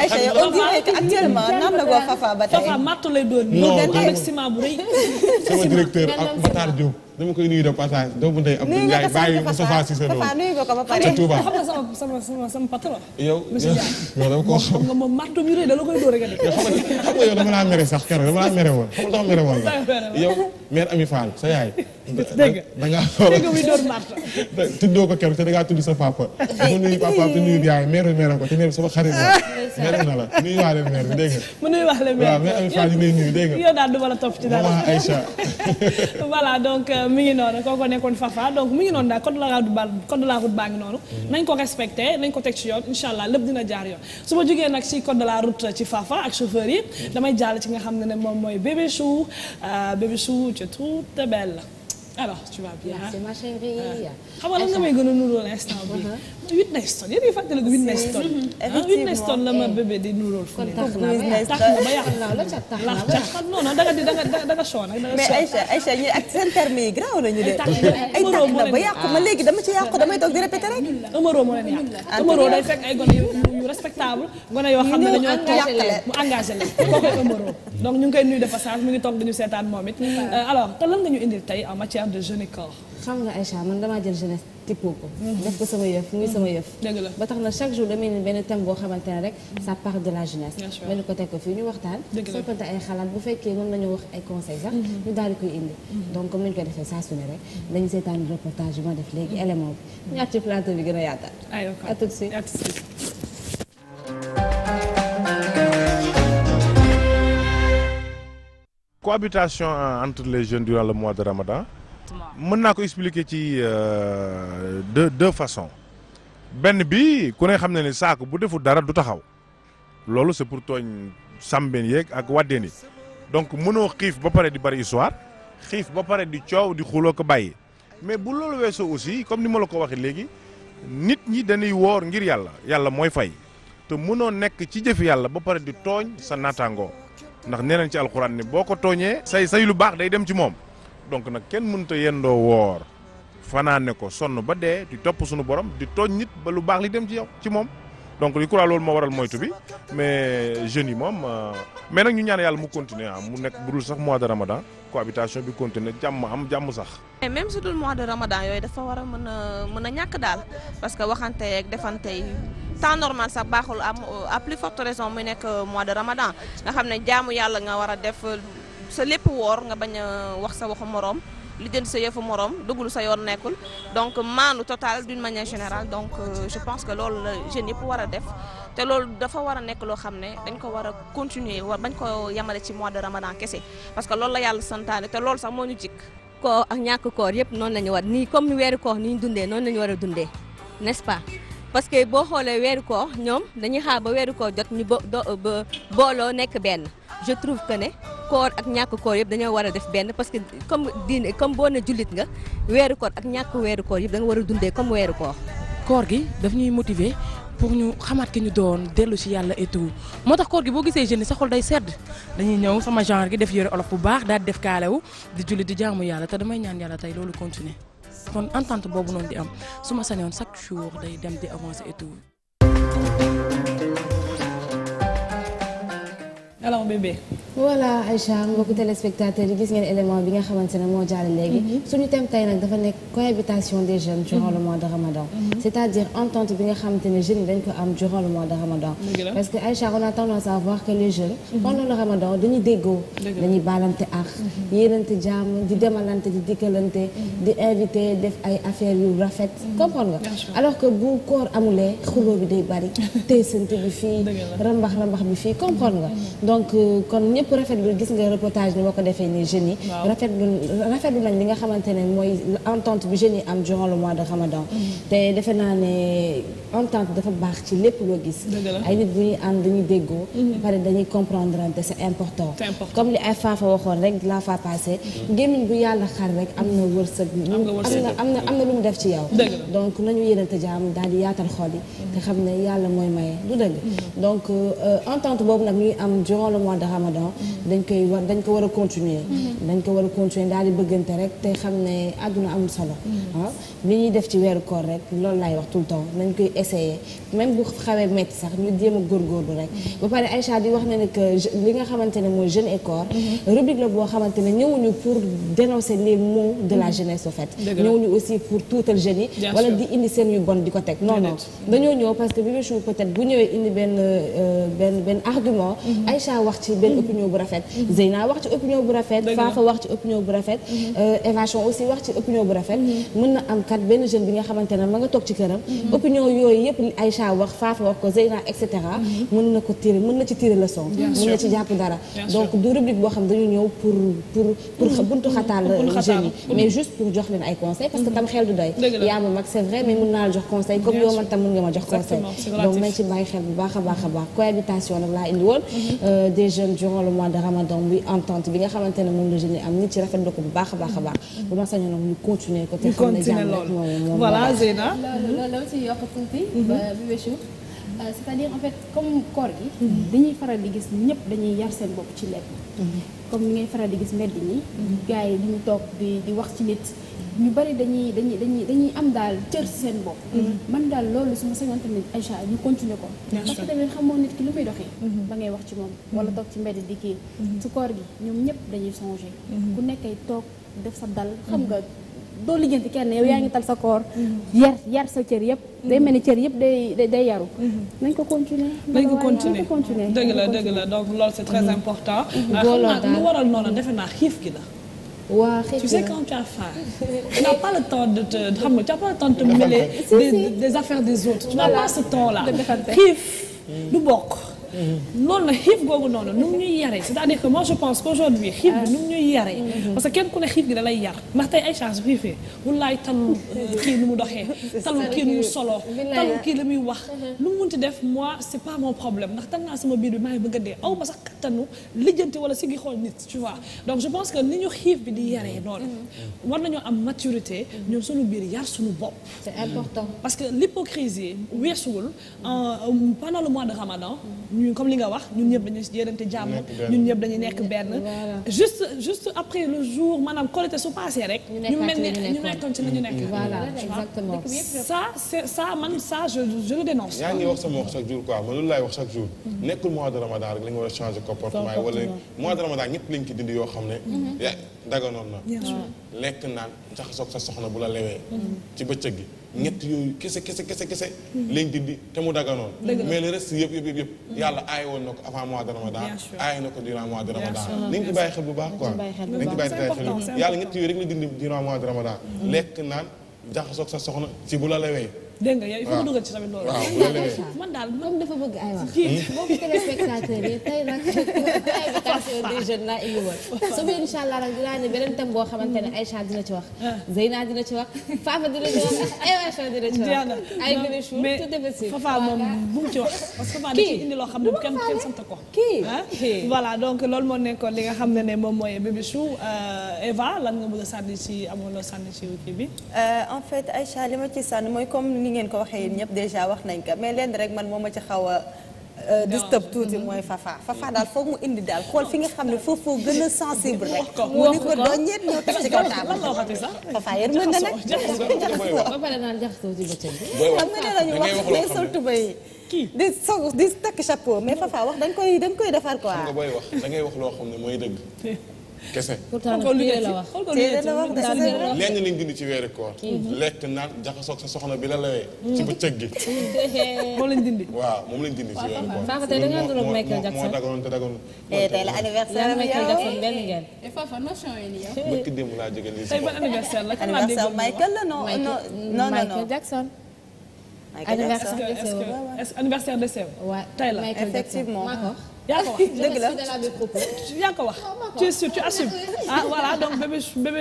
Aïcha on bu rëy sama directeur Matar Diop dama koy nuyu de passage doomu ndey Abdou Ndiaye bàyyi Moustapha Cissé Lo ca Touba xam nga sama sama sama sama dama koo xam nga moom da la koy dóor dama laa sax keroog dama laa mere woon xam nga dama mere yaay dégg da ko te da ngaa sa papa ko te xarit la mère na la nuyu waale mère bi dégg mu nuyu waale mère waaw dégg nga daal du ma topp ci dara mi ngi noonu kooku nekkoon Fafa donc mi ngi noonu daal code de la route ba code de la baa ngi noonu. Mhm. nañ ko respecté nañ ko teg ci yoon incha allah lépp dina jaar yoon. su ma jugee nag ci code de la route ci Fafa ak chauffeur yi mhm. damay jàll ci nga xam ne ne moom mooy bébé chou euh, bébé chou tu es toute belle alors tu vas bien. merci ma chérie. nga may gën a nuroo instant bi uh-huh. Whitney Houston yéen a ngi fàttali ko Whitney Houston. Mm-hmm. Ah, Whitney Houston la ma eh. bébé di nuróol fu mu na tax na ba yàq naa la non danga di danga danga sonn danga. mais Aïcha Aïcha ñu ak seen termes la ñu damay toog di répété rek. Amaro moo leen yàq Amaro ah, day fekk ay gone yu respectable gone yoo xam ne dañoo toog mu engagé kooku Amaro donc ñu ngi koy nuyu de passage mu ngi mm-hmm. euh, te lan de jeune xam nga ay man damaa jël jeunesse tippoo ko. Mhm. def ko sama yëf muy sama yëf. ba tax na chaque jour damay ne benn thème boo xamante ne rek. ça part de la jeunesse. bu fekkee mën nañu wax ay conseils sax. Mhm. ñu mhm. donc comme ni ko defee saa su rek. dañu seetaan reportage bi ma def léegi élément bi. ñu àgg ci plateau bi gën a yaatal. cohabitation entre les jeune durant le mois de Ramadan. mën naa ko expliqué ci euh, deux deux façon benn bi ku ne xam ne ni saako bu deful dara du taxaw loolu c'est pour tooñ sàmbeen yeeg ak wàddeen yi donc mënoo xiif ba pare di bari histoire xiif ba pare di coow di xuloo ko bàyyi mais bu loolu weesoo aussi comme ni ma la ko waxee léegi nit ñi dañuy woor ngir yàlla yàlla mooy fay te mënoo nekk ci jëf yàlla ba pare di tooñ sa naataangoo ndax nee ci alxuraan ni boo ko tooñee say say lu baax day dem ci moom donc nag kenn mënut a yendoo woor fanaane ko sonn ba dee di topp suñu borom di tooñ nit ba lu baax li dem ci yow ci moom donc li crois loolu moo waral moytu bi mais jeunes yi moom euh, mais nag ñu ñaan yàlla mu continuer ah mu nekk bu dul sax mois de ramadan cohabitation bi continuer jàmm am jàmm sax. mais même dul mois de ramadan yooyu dafa war a mën a mën a ñàkk daal parce que waxante yeeg defante yi temps normal sax baaxul am euh, à plus forte raison mu nekk euh, mois de ramadan nga xam ne jaamu yàlla nga war a def. sa lépp woor nga bañ wax sa waxu moroom li jënd sa yëfu moroom dugul sa yoon nekkul donc maanu total d'une manière général donc euh, je pense que loolu la jeunes yëpp war a def te loolu dafa war a nekk loo xam ne dañ ko war a continuer war bañ ko yemale ci mois de ramadan kese parce que loolu la yàlla santaane te loolu sax moo ñu jikk koor ak ñàkk koor yëpp noonu la ñu war nii comme weeru koor ni ñu dundee noonu ñu war a dundee n'est-ce pas que boo xoolee weeru koor ñoom dañuy xaar ba weeru koo jot ñu bo booloo nekk benn je trouve que ne koor ak ñàkk koor yëpp dañoo war a def benn parce que comme diine comme boo ne jullit nga weeru koor ak ñàkk weeru koor yëpp da nga war a dundee comme weeru koor. koor gi daf ñuy motiver pour ñu xamaat ki ñu doon dellu ci yàlla et tout moo tax koor gi boo gisee jeunes yi day sedd dañuy ñëw sama genre gi def yore olof bu baax daal di def kaalewu di jullit di jaamu yàlla te damay ñaan yàlla tey loolu continuer kon entente boobu noonu di am su ma sañoon chaque jour day dem di avancer et alors ay voilà Aïcha mbokki téléspectateurs yi gis ngeen élément bi nga xamante ne moo jàll léegi. Mhm. suñu thème tey nag dafa nekk cohabitation des jeunes durant mhm. le mois de Ramadan. Mhm. c'est-à-dire entente bi nga xamante ne jeunes yi dañ ko am durant le mois de Ramadan. parce que Aïcha on a tendance à voir que les jeunes. pendant le Ramadan dañuy déggoo. dañuy baalante ak. yéenante jàmm di demalante di dikkalante. di invité def ay affaire yu rafet. comprendre nga alors que bu koor amulee xuloo bi day bari. tey sant bi fii. rambax rambax bi fii comprendre nga. donc euh, kon ñëpp rafetlu gis nga reportage ni ma ko defee nii jeunes yi. rafetlu rafetlu li nga xamante ne mooy entente bi jeunes yi am durant le mois de Ramadan. Mm-hmm. te defe naa ne entente dafa baax ci lépp loo gis. ay nit bu ñuy ànd dañuy déggoo. Mm-hmm. pare dañuy comprendre te c'est important. comme li ay faafa waxoon rek la fa passé. Mm-hmm. gémmiñ bu yàlla xar rek am na wërsëg. am na am na am na lu mu def ci yow. donc nañu yéenante jàmm daal di yaatal xol yi. te xam ne yàlla mooy maye du dëgg. donc euh, euh, entente boobu nag ñuy am durant avant le mois de ramadan dañ koy war dañ ko war a continuer dañ ko war a continuer daal di bëggante rek te xam ne àdduna amul solo mm. ah ñuy def ci weeru koor rek loolu laay wax tout le temps nañ koy essayer même bu xawee metti sax ñu jéem mm. ba pare Aïcha di wax ne ne que li nga xamante ne mooy jeune et corps mm-hmm. rubrique la boo xamante ne ñëwuñu pour dénoncer les maux de la mm-hmm. jeunesse au fait ñëwuñu aussi pour tuutal jeunes yi wala di indi seen yu bon di ko teg non non dañoo ñëw parce bi Bibichou peut-être bu ñëwee indi benn euh, benn argument mm-hmm. Aïcha wax ci benn opinion bu rafet mhm. Zeyna wax ci opinion bu rafet Fafa wax ci opinion bu rafet mhm. euh, Evachon aussi wax ci opinion mhm. na am kat benn jeune bi nga xamante ne ma nga toog ci këram opinion yooyu yëpp li Aïcha wax Fafa wax ko Zeyna et cetera mën na ko tirer mën na ci tirer leçon mën na ci jàpp dara donc du rubrique boo xam dañu ñëw pour pour pour buntu xataal jeunes yi mais juste pour jox leen ay conseils parce que tam xel du doy yaa ma mag c'est vrai mais mën naa jox conseil comme yow man tam mën nga ma jox conseil a baax Euh, des jeunes durant le mois de Ramadan muy entente bi nga xamante ne moom la jeunes yi am nit ci rafetlu ko bu baax a baax a baax. Mm-hmm. bu ma sañoon ñu continuer ko. te xam ne jàmm rek moom moom voilà Zeyna. loolu ci yokk tuuti. Mm-hmm. Euh, euh, c'est-à-dire en fait comme koor gi. Mm-hmm. dañuy faral di gis ñëpp dañuy yar seen bopp ci lekk. comme ni ngay faral di gis mbedd ñi. gars yi ñu toog di di wax ci nit. ñu bari dañuy dañuy dañuy dañuy am daal cër si seen bopp. man daal loolu su ma sañoon tamit Aïcha ñu continuer ko. parce que tamit lu muy doxee. ba ngay wax ci moom. wala toog ci mbedd di kii. su koor gi ñoom ñëpp dañuy changé. ku nekkay toog def sa dal xam nga. doo lijjanti kenn yow yaa ngi tal sa koor. yar yar sa cër day mel ni cër yëpp day day yaru. nañ ko continuer. nañ ko continuer dëgg la dëgg la donc loolu c'est très important. xam naa lu waral noonu defe naa xiif gi la. waaw xëy tu sais quand tu as faim. tu n'as pas le temps de te xam nga tu n'as pas le temps de te mêler. des affaires des autres. tu n'as pas ce temps là xiif du mm. bokk. loolu la xiif googu noonu nu mu ñuy yare c'est-à-dire que moi je pense qu'aujourd'hui xiif parce que kenn ku ne xiif gi da yar ndax ay chance xiifee wallaay talu kii nu mu doxee talu kii nu mu soloo talu kii la muy wax mhm. lu mu ti def moi c'est pas mon problème ndax tam naa sama biir bi maa ngi dee aw ma sax kattanu lijjanti wala si gi xool nit tu vois donc je pense que ni ñu xiif bi di yaree noonu mhm. war nañoo am maturité mhm. ñun suñu biir yar suñu bopp c'est important parce que l'hypocrisie weesuwul euh, pendant le mois de Ramadan ñun comme li nga wax ñun ñëpp dañuy yéenante jàmm ñun ñëpp dañuy nekk benn juste juste après le jour maanaam Korité su passé rek ñu mel ni ñu nekkoon ci la nekk voilà ngi wax sama wax chaque jour quoi man loolu laay wax chaque jour mm-hmm. nekkul mois de ramadan rek la ñu war a changer comportement yi wala mois de ramadan ñëpp lañ ci dindi yoo xam ne mm-hmm. daganoon ah. lekk naan jaxasoog sa soxna bu la lewee mm-hmm. ci bëccëg gi ñett yooyu kese kese kese kese hmm. lañ dindi te mu daganoon mais le reste yëpp yëpp yëpp hmm. yàlla aay woon na ko avant mois de ramadan aay na ko durant mois de ramadan nañ ci bàyyi xel bu baax quoi nañ ci bàyyi xel yàlla ñett yooyu rek la dindi durant mois de ramadan hmm. lekk naan jaxasoog sa soxna ci bu la la lawee dégg nga yow il faut que dugal ci tamit loolu. man daal moom dafa bëgg ay wax. moom téléspectateur yi tey nag bi incha beneen thème boo xamante ne Aïcha dina dina ci wax Fafa dina ci wax ay dina ci wax. ay gën a chou tout est possible. Fafa moom bu ci wax. parce que ci indi loo xam ne kenn kenn sant ko. kii voilà donc loolu moo nekkoon li nga xam ne ne moom mooy bébé chou Eva lan nga bëgg a sànni ci amoon loo sànni ci kii bi. en fait Aïcha li ma ci sànni ni ngeen ko waxee yéen ñëpp déjà wax nañ ko mais lenn rek man moom ma ci xaw a euh, distëb tuuti mm-hmm. mooy Fafa Fafa daal foog mu indi daal xool fi nga xam ne foofu foo gën a sensible rek mu ni ko doññeet ñëw teg ci na nag jaxasoo ci bëccëg xam nga ne lañu wax mais di soog di takk mais Fafa wax dañ koy dañ koy defar quoi xam nga booy wax da ngay wax loo xam ne mooy dëgg kese pourtant nag téere la wax wax lenn lañ dindi ci weeru koor. Mhm. lekk naan jaxasoog sa soxna bi la lawee. ci mhm. bëccëg gi. moom lañ dindi. waaw moom lañ dindi ci weeru koor. Fafa tey da ngaa doon Michael Jackson eh, eh, nii yow. bëkk démb laa jóge lii tey ba la. anniversaire Michael la non non non Michael de Sew. est-ce la yaa ko wax ko wax tu es sûr tu assumes ah voilà donc bébé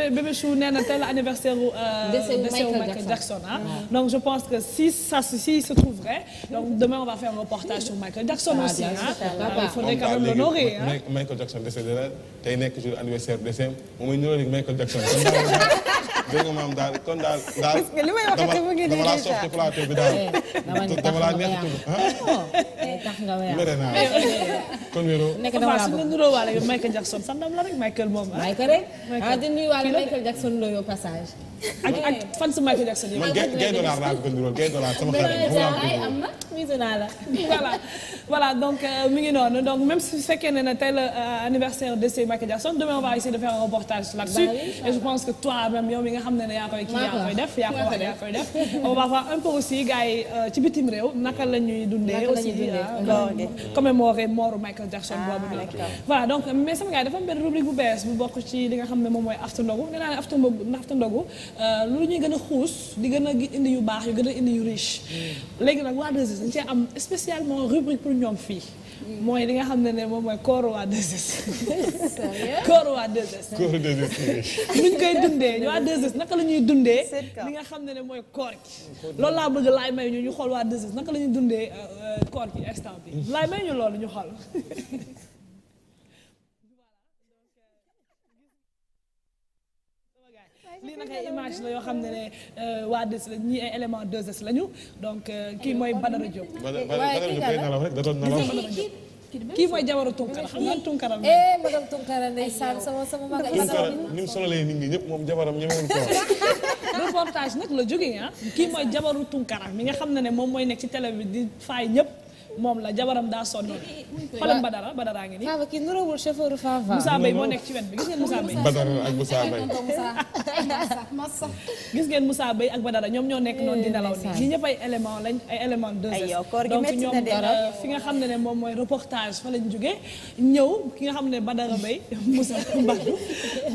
bébé bébé na tey la anniversaire u euh, décès u Michael Jackson ah. donc je pense que si ça si se trouve vrai donc demain on va faire un reportage sur Michael Jackson ah, aussi ah il faudrait quand même l'honorer ah Michael Jackson décédé la tey nekk jour anniversaire décès moom mooy ñu Michael Jackson dégg nga maam daal kon daal. daal parce que li may waxati mu ngi nii dama la sof ci plateau bi daal. dama la neex tudd tax nga weer ah. oh, mere naa kon wéro nekk dama la bëgg suñu nuroo waale yow Michael Jackson sa ndam la rek Michael moom. Michael rek ah di nuyuwaale Michael Jackson looyoo passage. ak ak fan su Michael Jackson yi. man gay dollar laa ko gën gay dollar sama xarit am na misu naa la. voilà voilà donc euh, mi ngi noonu donc même si fekkee ne na tel euh, anniversaire de ces Michael Jackson demain on va de faire un reportage là-dessus et nga xam ne ne yaa koy kii yaa koy def yaa ko naka la ñuy dundee aussi euh, commémorer mooru Michael Jackson ah, boobu noonu sama gars dafa am benn rubrique bu bees bu bokk ci li nga xam ne moom mooy after ndogu nee naa ne after ndogu Euh, loolu ñuy gën a xuus di gën a indi yu baax yu gën a indi yu riche léegi nag waa 2S dañ cee am spécialement rubrique pour ñoom fii mooy li nga xam ne ne moom mooy kooru waa 2S kooru waa 2S nuñ koy dundee waa 2 naka la ñuy dundee li nga xam ne ne mooy koor gi loolu laa bëgg laay may ñu ñu xool waa 2 naka la ñuy dundee euh, euh, koor gi instant bi laay may ñu loolu ñu xool lii nag ay image la yoo xam ne ne euh, waa des la ñii ay élément 2S lañu donc euh, kii mooy Badara Diop. kii mooy jabaru Tunkara xam nga Tunkara. eh madame Tunkara ndeysaan sama sama mag. Tunkara ni mu solalee nit ñi ñëpp moom jabaram ñemewul ko reportage nag la jógee ah. kii mooy jabaru Tunkara mi nga xam ne ne moom mooy nekk ci télé bi di faay ñëpp. moom la jabaram daa sonnoon. xoolal Badara Badara a ngi nii. Fava kii nurawul chauffeur moo nekk ci wet bi gis ngeen Moussa Mbaye. Badara ak Moussa ak Badara ñoom ñoo nekk noonu di nelaw nii. ñi ñëpp ay élément lañ ay élément deux heures. donc euh, fi nga xam ne ne moom mooy reportage fa lañ jógee ñëw ki nga xam ne Badara Mbaye Moussa Mbaye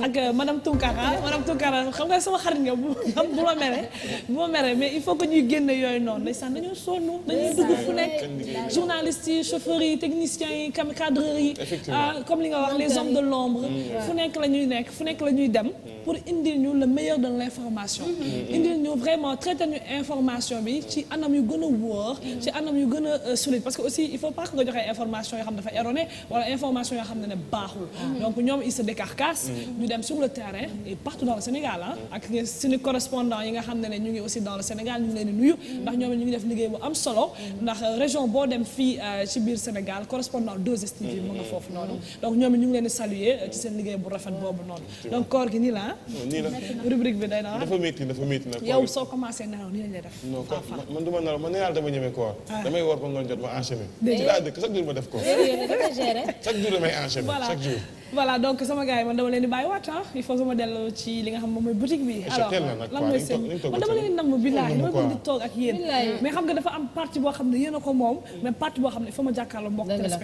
ak euh, madame Tunkara madame Tunkara xam nga sama xarit nga bu bu ma mere bu ma mere mais il faut que ñuy génne yooyu noonu ndeysaan dañoo sonn dañuy dugg fu nekk journalistes yi chauffeurs yi techniciens yi cam cadreurs yi. Ah, comme li nga wax les hommes de l'ombre mm. fu nekk la nekk fu nekk la dem. Mm. pour indil ñu le meilleur de l'information. Mm-hmm. Mm-hmm. indil ñu vraiment traité ñu information bi ci anam yu gën a wóor. Mm-hmm. ci anam yu gën a euh, solide parce que aussi il faut pas que nga joxe information yoo xam dafa erroné wala information yoo xam ne ne baaxul. donc ñoom ils se décarcassent. ñu dem sur le terrain partout dans le Sénégal ak suñu ngi aussi dans dem fii ci biir Sénégal correspondant 2STV mu nga foofu noonu donc ñoom ñu ngi leen di saluer ci seen liggéey bu rafet boobu noonu donc koor gi nii la nii la rubrique bi day na dafa métti dafa métti na yow soo commencé damay woor ba ngoon jot ma enchaîné ci dëkk chaque jour ma def koor chaque jour damay enchaîné chaque voilà donc sama gars man dama leen di bàyyiwaat ah il faut dellu ci li nga xam moom mooy boutique bi. a ko moom. mais partie boo ma neex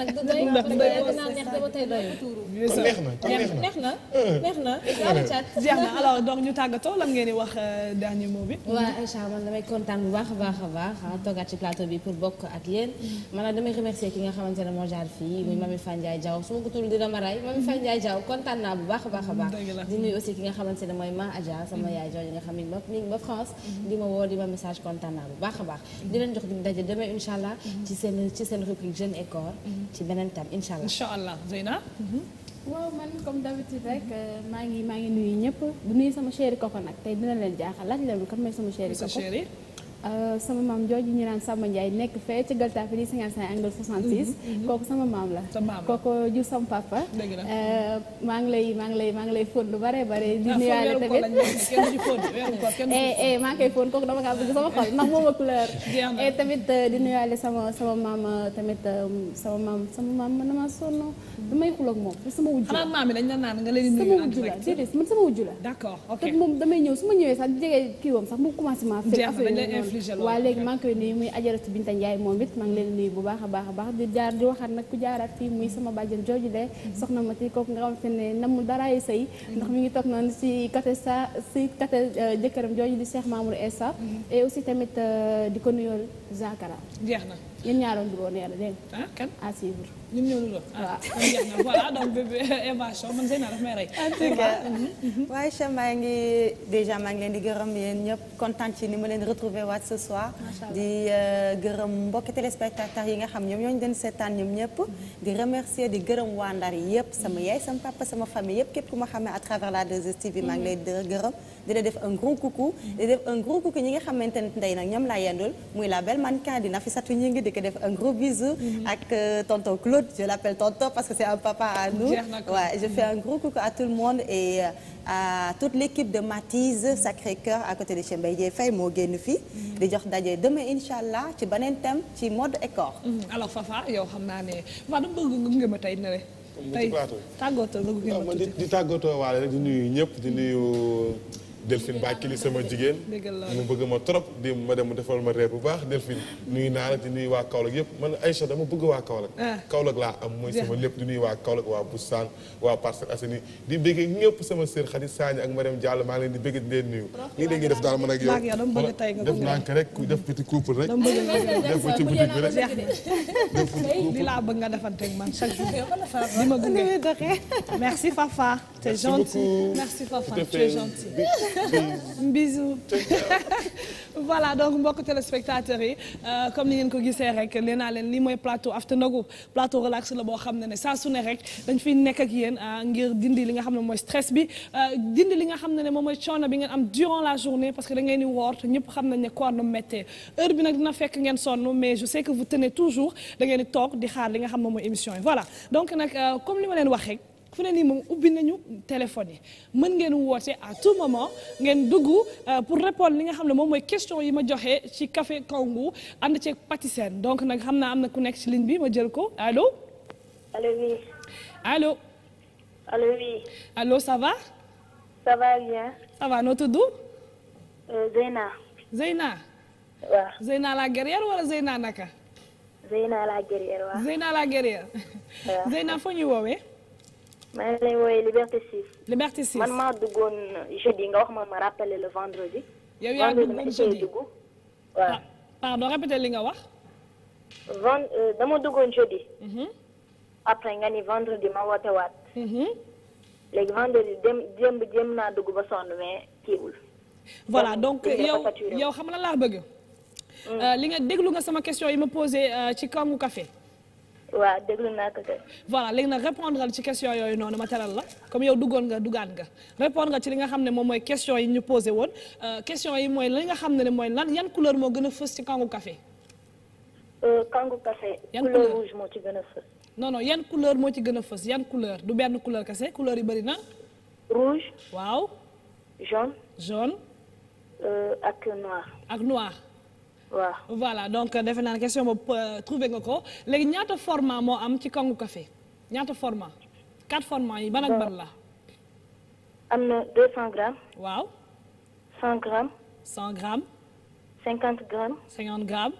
nag neex na neex na alors donc ñu tàggatoo lan ngeen di wax dernier mot bi Aïcha man damay kontaan bu a baax a baax ah, toogaat ci plateau bi pour bokk ak yéen mm-hmm. maanaam damay remercier ki nga xamante ne moo jaar fii muy Mami Fan Ndiaye Diaw su ma ko tudd dina ma ray a baax a Ma mi ngi ba France di naa bu baax a baax di jox dig daje demain incha allah mm-hmm. ci seen ci seen rubrique mm-hmm. ci beneen tam incha allah incha allah Zeyna waaw man comme d'habitude rek euh, maa ngi maa ngi nuyu ñëpp du nuy sama chéri koko nag tey dina leen jaaxal laaj leen kan mooy sama chéri koko Euh, sama maam jooju ñu naan Samba Ndiaye nekk fee ca Gueule Tapée di 55 angle 66. Mhm, mhm. kooku sama maam la. kooku jur sama papa. Euh, maa ngi lay maa ngi lay maa ngi lay fóon lu bare bare. di ah, nuyaale tamit ah maa ngi dama kaa bëgg sama a eh, euh, maam tamit sama maam sama damay xuloog moom sama wujju la. xanaa maam yi dañ naan nga leen di nuyu ànd rek sama wujju la déedéet man sama wujju la. te moom damay ñëw su ma ñëwee sax di jege kii sax mu commencé maa. waaw léegi man ngi koy nuyu muy ajaratu Binta Ndiaye moom it maa ngi leen nuyu bu baax a baax a baax di jaar di waxaat nag ku jaaraat fii muy sama bàjjen jooju de mm-hmm. soxna Mati kooku nga xamante ne namul daraay sëy mm-hmm. ndax mu ngi toog noonu si côté sa si côté euh, jëkkëram jooju di Cheikh Mamour Essa mm-hmm. et aussi tamit euh, di ko nuyool Zakara jeex na yéen ñaaroon du woon yàlla dégg nga ah, à ñun ñoo dul ah voilà donc bébé eh, Eva mhm, mhm. maa ngi déjà di gërëm yéen ñëpp kontaan ci ni ma leen retrouver waat ce soir. di euh, gërëm mbokki téléspectateurs yi nga xam ñoom ñoo ñu doon seetaan ñoom ñëpp. di remercier di gërëm waa Ndar yëpp sama yaay sama papa sama famille yëpp képp ku ma xamee à travers la 2STV maa ngi lay mhm. gërëm. di la def un gros coucou. di def un gros ñi nga xamante ne tey nag ñoom laa yendul muy la belle mannequin di Nafissatou ñi ngi di ko def un gros bisou. ak euh, tonton Claude Daoud je l'appelle tonton parce que c'est un papa à nous je fais un gros coucou à tout le monde et euh, à toute l'équipe de Matise Sacré-Cœur à côté de chez Mbaye Dieye Faye moo génn fii mm-hmm. di jox daje demain incha allah ci beneen thème ci mode et mm-hmm. alors Fafa yow xam naa ne waa dama bëgg nga ngëm a tey ne a tuuti di tàggatoo waale di nuyu ñëpp di nuyu Delphine Bakili sama jigéen mu bëgg ma trop di ma dem mu defal ma reer bu baax Delphine nuyu naa la di nuyu waa Kaolack yëpp man Aïcha dama bëgg waa Kaolack ah. Kaolack laa am mooy sama lépp di nuyu waa Kaolack waa Boussan waa Parcelles Assainies di bëggee ñëpp sama sœur Khady Sagne ak Mariam Diallo maa ngi leen di bëgg di leen nuyu lii léegi def daal man ak yow def nank rek def petit couple rek def ci boutique bi rek def laa bëgg nga defante ak man chaque jour di ma gunge merci Fafa t'es gentil bisou voilà donc mbokk téléspectateurs yi euh, comme ni ngeen ko gisee rek nee naa leen lii mooy plateau After Ndogou plateau relax la boo xam ne ne saa su ne rek dañ fiy nekk ak yéen euh, ngir dindi li nga xam ne mooy stress bi euh, dindi li nga xam ne ne moom mooy coono bi ngeen am durant la journée parce que da ngeen di woor te xam nañ ne koor nu méttee heure bi nag dina fekk ngeen sonn mais je sais que vous tenez toujours da ngeen di toog di xaar li nga xam ne mooy émission li ma leen wax fu ne nii moom ubbi nañu téléphone yi mën ngeen woote à tout moment ngeen dugg euh, pour répondre li nga xam ne moom mooy question yi ma joxe ci café Kangourou ànd ceeg Patisen donc nag xam naa am na ku nekk ci bi ma jël ko alo allo oui. allo. allo oui. allo ça va. noo tudd. Euh, Zeyna. Zeyna. la guerrière wala Zeyna naka. Zeyna la guerrière waaw. Zeyna la guerrière. Zeyna foo ñuy woowee. maa ngi lay woowee Liberté 6. Liberté 6 man maa duggoon jeudi nga wax ma ma rappelé le vendredi. yow yaa duggoon jeudi dugg waaw. Ah, pardon répété li nga wax. Euh, dama duggoon jeudi. Mhm. après nga ni vendredi ma woote waat. Mhm. léegi vendredi dem jéem jéem naa dugg ba sonn mais kiiwul. voilà donc yow yow xam na laa bëgg. Mm. Euh, li nga déglu nga sama question yi ma posé euh, ci kangu café waaw déglu naa ko kay. voilà léegi nag répondre nga ci question yooyu noonu ma teral la comme yow duggoon nga duggaan nga répondre nga ci li nga xam ne moom mooy question yi ñu posé woon euh, question yi mooy li nga xam ne mooy lan yan couleur moo gën a fës ci kangu café. Euh, kangu café. couleur rouge moo ci gën a fës. non non yan couleur moo ci gën a fës yan couleur du benn couleur kese couleur yi bëri na. rouge. waaw. jaune. jaune. Euh, ak noir. ak noir. waaw voilà donc defe naa ne question boobu euh, trouvé nga ko léegi ñaata format moo am ci Kangu Café ñaata format quatre formats yi ban ak ban la. am na grammes. waaw. 100 grammes. 100 grammes. 50 grammes.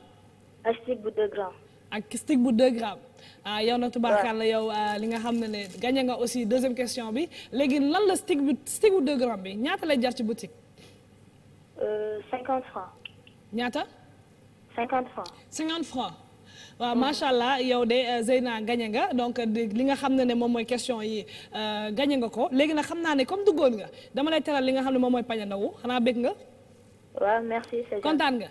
ak stick bu grammes. ak stick bu 2 grammes. ah yow na tubaarkàlla yow ah, li nga xam ne ne gagné nga aussi deuxième question bi léegi lan la stick bu stick bu grammes bi ñaata lay jar ci boutique. Euh, ñaata. 50 francs 50 francs waaw macha allah yow de euh, Zeyna gañe nga donc euh, li nga xam ne ne moom mooy question yi euh, gañe nga ko léegi nag xam naa ne comme duggoon nga dama lay teral li nga xam ne moom mooy pañe ndaw xanaa bëgg nga. waaw kontaan nga.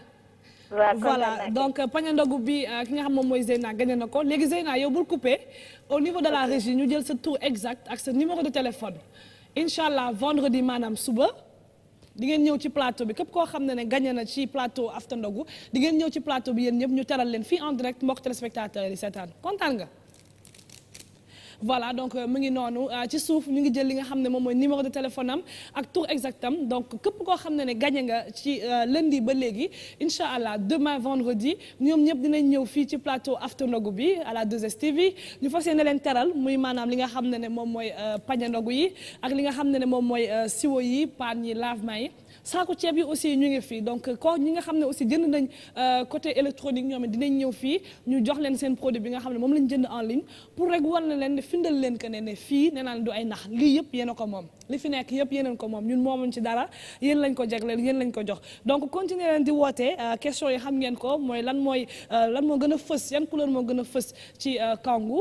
waaw voilà donc pañe ndogu bi ki nga xam moom mooy Zeyna gañe na ko léegi Zeyna yow bul coupé au niveau de la régie ñu jël sa tour exact ak sa numéro de téléphone incha allah vendredi maanaam suba. di ngeen ñëw ci plateau bi képp koo xam ne ne gagné na ci plateau after ndogu di ngeen ñëw ci plateau bi yéen ñëpp ñu teral leen fii en direct mbokk téléspectateurs yi seetaan kontaan nga voilà donc euh, mu ngi noonu euh, ci suuf ñu ngi jël li nga xam ne moom mooy numéro de téléphone am ak tour exactam donc képp koo xam ne ne gagné nga ci euh, lundi ba léegi incha allah demain vendredi ñoom ñëpp dinañ ñëw fii ci plateau after ndogu bi à la 2STV ñu fas ne leen teral muy maanaam li nga xam ne ne moom mooy pañe ndogu yi ak li nga xam ne ne moom mooy siwo yi paan yi lavement yi saaku ceeb yi aussi ñu ngi fii donc ko ñi nga xam ne aussi jënd nañ euh, côté électronique ñoom it dinañ ñëw fii ñu jox leen seen produit bi nga xam ne moom lañ jënd en ligne pour rek war na leen ne findal leen que ne ne fii nee naa du ay nax lii yëpp yéen a ko moom li fi nekk yëpp yéeneen ko moom ñun moomuñ ci dara yéen lañ ko jagleel yéen lañ ko jox donc continuer leen di woote euh, question yi xam ngeen ko mooy lan mooy euh, lan moo gën a fës yan couleur moo gën a fës ci euh, kangu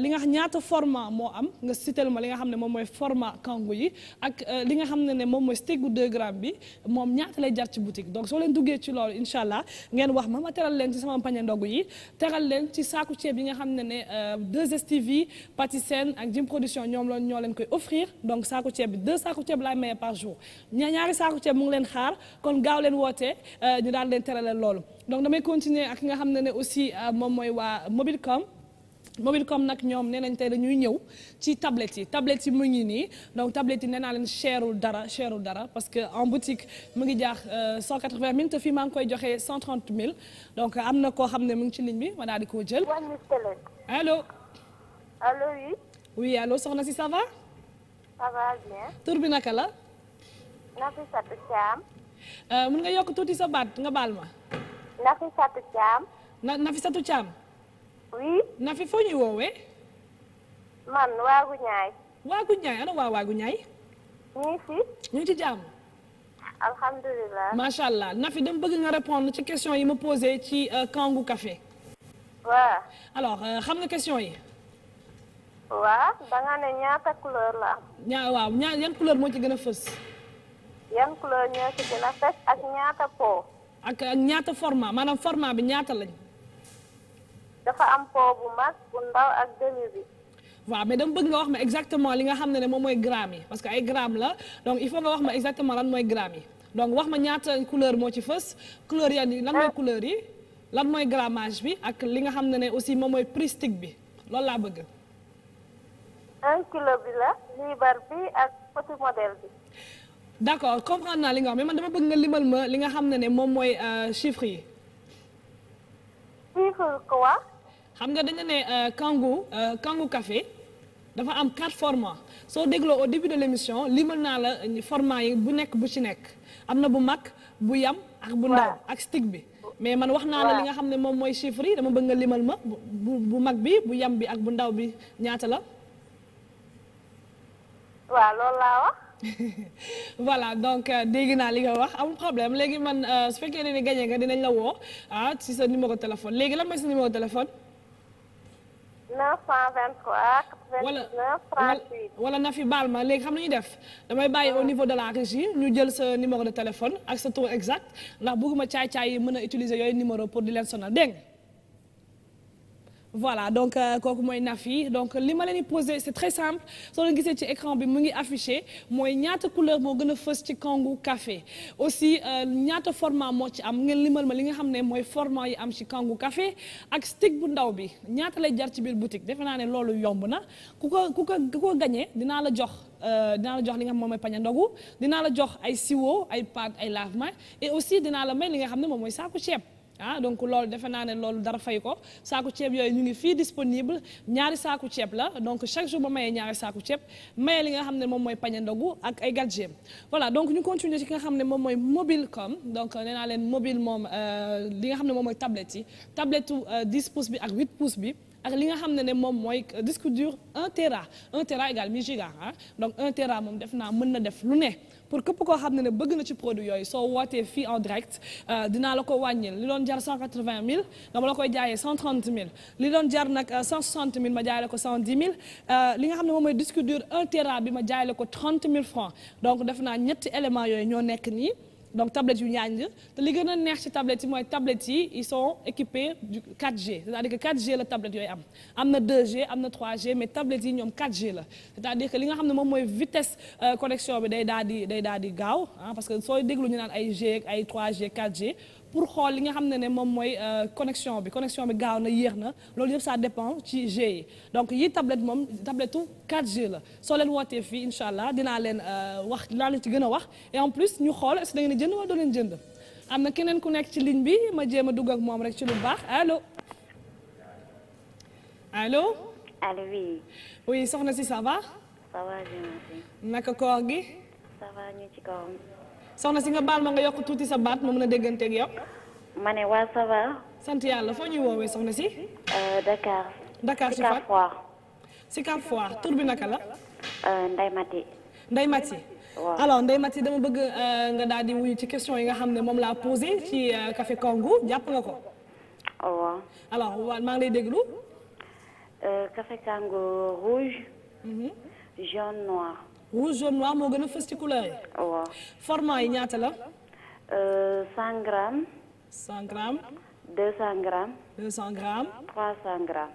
li nga ñaata format moo am nga sitel ma li nga xam ne moom mooy format kangu yi ak li nga xam ne ne moom mooy stick bu 2 grammes bi moom ñaata lay jar ci boutique donc soo leen duggee ci loolu incha allah ngeen wax ma ma teral leen ci sama pañe ndogu yi teral leen ci saaku ceeb yi nga xam ne ne 2STV Patisen ak Jim Production ñoom loon ñoo leen koy offrir ceeb bi deux saaku ceeb laay maye par jour ña ñaari saaku ceeb mu ngi leen xaar kon gaaw leen woote euh, ñu daal leen tere leen loolu donc damay continuer ak nga xam ne ne aussi euh, moom mooy waa Mobilcom Mobilcom nag ñoom nee nañ tey dañuy ñëw ci tablettes yi tablettes yi mu ngi nii donc tablettes yi nee naa leen cherul dara cherul dara parce que en boutique mu ngi jaax 180 euh, 000 te fii maa ngi koy joxe 130 000 donc am na koo xam ne mu ngi ci ligne bi ma daal di koo jël. allo. allo oui. si ça ça bi naka la. Nafissatou Thiam. Euh, mën nga yokk tuuti sa baat nga baal ma. Nafissatou Thiam. na Nafissatou Thiam. oui. Nafi foo ñuy woowee. man waagu ñaay. waagu ñaay ana waa waagu ñaay. ñu ngi fi. ci jàmm. alhamdulilah. allah Nafi dama bëgg nga répondre ci question yi ma posé ci euh, Kangu Café. waaw. alors euh, xam nga question yi. waaw da nga ne ñaata couleur la am. ñaa waaw ñaa yan couleur moo ci gën a fës. yan ñoo ci gën a fës ak ñaata po. ak ñaata format maanaam format bi ñaata lañ. dafa am po bu mag bu ndaw ak demi bi. waaw mais dama bëgg nga wax ma exactement li nga xam ne ne moom mooy gramme yi parce que ay gramme la donc il faut nga wax ma exactement lan mooy gramme yi donc wax ma ñaata couleur moo ci fës couleur yan yi lan mooy couleur yi lan mooy grammage bi ak li nga xam ne ne aussi moom mooy pristique bi loolu bëgg. un liibar bi ak petit modèle bi. d' accord comprendre naa li nga wax mais man dama bëgg nga limal li nga xam ne ne moom mooy euh, chiffres chiffre xam nga dañu ne euh, kangu euh, kangu café dafa am quatre formats soo dégloo au début émission limal naa la format yi bu nekk bu ci nekk am na bu mag bu yam ak bu ndaw ak stick bi. mais man wax naa li nga xam ne moom mooy chiffres yi dama bëgg nga limal ma bu mag bi bu yam bi ak bu ndaw bi ñaata la. waaw lool laa wax. voilà donc euh, dégg naa li nga wax am problème léegi man euh, su fekkee ne ni gagné nga dinañ la woo ah si sa numéro téléphone léegi lan mooy sa numéro téléphone. 923 wala na fi baal ma léegi xam nañu def damay bàyyi au niveau de la régie ñu jël sa numéro de téléphone ak sa tour exact ndax bëgguma caay-caay yi mën a utiliser yooyu numéro pour di leen sonal dégg voilà donc euh, kooku mooy Nafi donc li ma leen di posé c'est très simple soo leen gisee ci écran bi mu ngi affiché mooy ñaata couleur moo gën a fës ci kangu café aussi euh, ñaata format moo ci am ngeen limal ma li nga xam ne mooy format yi am ci kangu café ak stick bu ndaw bi ñaata lay jar ci biir boutique defe naa ne loolu yomb na ku ko ku ko ko gañee dinaa la jox euh, dinaa la jox li nga xam moom mooy paña ndogu dinaa la jox ay siwo ay pâte ay lave-mains et aussi dinaa la may li nga xam ne moom mooy saaku ceeb ah donc loolu defe naa ne loolu dara fay ko saaku ceeb yooyu ñu ngi fii disponible ñaari saaku ceeb la donc chaque jour ba mayee ñaari saaku ceeb maye li nga xam ne moom mooy pañe ndogu ak ay gadget voilà donc ñu continuer ci ki nga xam ne moom mooy mobile com donc nee naa leen mobile moom euh, li nga xam ne moom mooy tablette yi tablette 10 euh, pouces bi ak 8 pouces bi ak li nga xam ne ne moom mooy euh, disque dur 1 tera 1 tera égal 1000 giga donc 1 tera moom def naa mën na def lu ne pour képp ko xam ne ne bëgg na ci produit yooyu soo wootee fi en direct euh, dinaa la ko wàññil li doon jar 180 000 dama la koy jaayee 130 000 li doon jar nag 160 euh, 000 ma jaay la ko 110 000 euh, li nga xam ne moom mooy disque dur 1 bi ma jaay la ko 30 000 francs donc def naa ñetti élément yooyu ñoo nekk nii donc tablettes yu ñaañ li gën a neex ci tablettes yi mooy tablettes yi ils sont équipés du 4G c'est-à-dire que 4G la tablette yooyu am am na 2G am na 3G mais tablettes yi ñoom 4G la c'est-à-dire que li nga xam ne moom mooy vitesse euh, connexion bi day daal di day daal di gaaw ah parce que sooy déglu ñu naan ay G ay 3G 4G pour xool li nga xam ne ne moom mooy euh, connexion bi connexion bi gaaw na yéex na loolu yëpp ça dépend ci G yi donc yi tablette moom tablette 4G la soo leen wootee fii incha allah dinaa leen euh, wax dinaa leen ci gën a wax en plus ñu xool est-ce que da ngeen jënd wala doo leen jënd am na keneen ku nekk ci ligne bi ma jéem a dugg ak moom rek ci lu baax allo allo. allo soxna si ça va. ça naka koor gi. soxna si nga baal ma nga yokk tuuti sa baat ma mën a dégganteeg yow. ma ne waa ça va. sant yàlla foo ñuy woowee soxna si. Euh, Dakar. Dakar si Fatou Sikar Foire. Sikar Foire tur bi naka la. Euh, Ndeye Mati. Ndeye Mati. waaw dama bëgg euh, nga daal di ci question yi nga xam ne moom laa posé ci café Congo jàpp nga ko. Oh, waaw. alors maa ngi lay déglu. café Congo rouge. Mhm. jaune noir. rouge jaune noir moo gën a fës ci couleur yi. waaw yi ñaata la. 100 euh, grammes. 100 grammes. 200 grammes. 200 grammes. 300 grammes.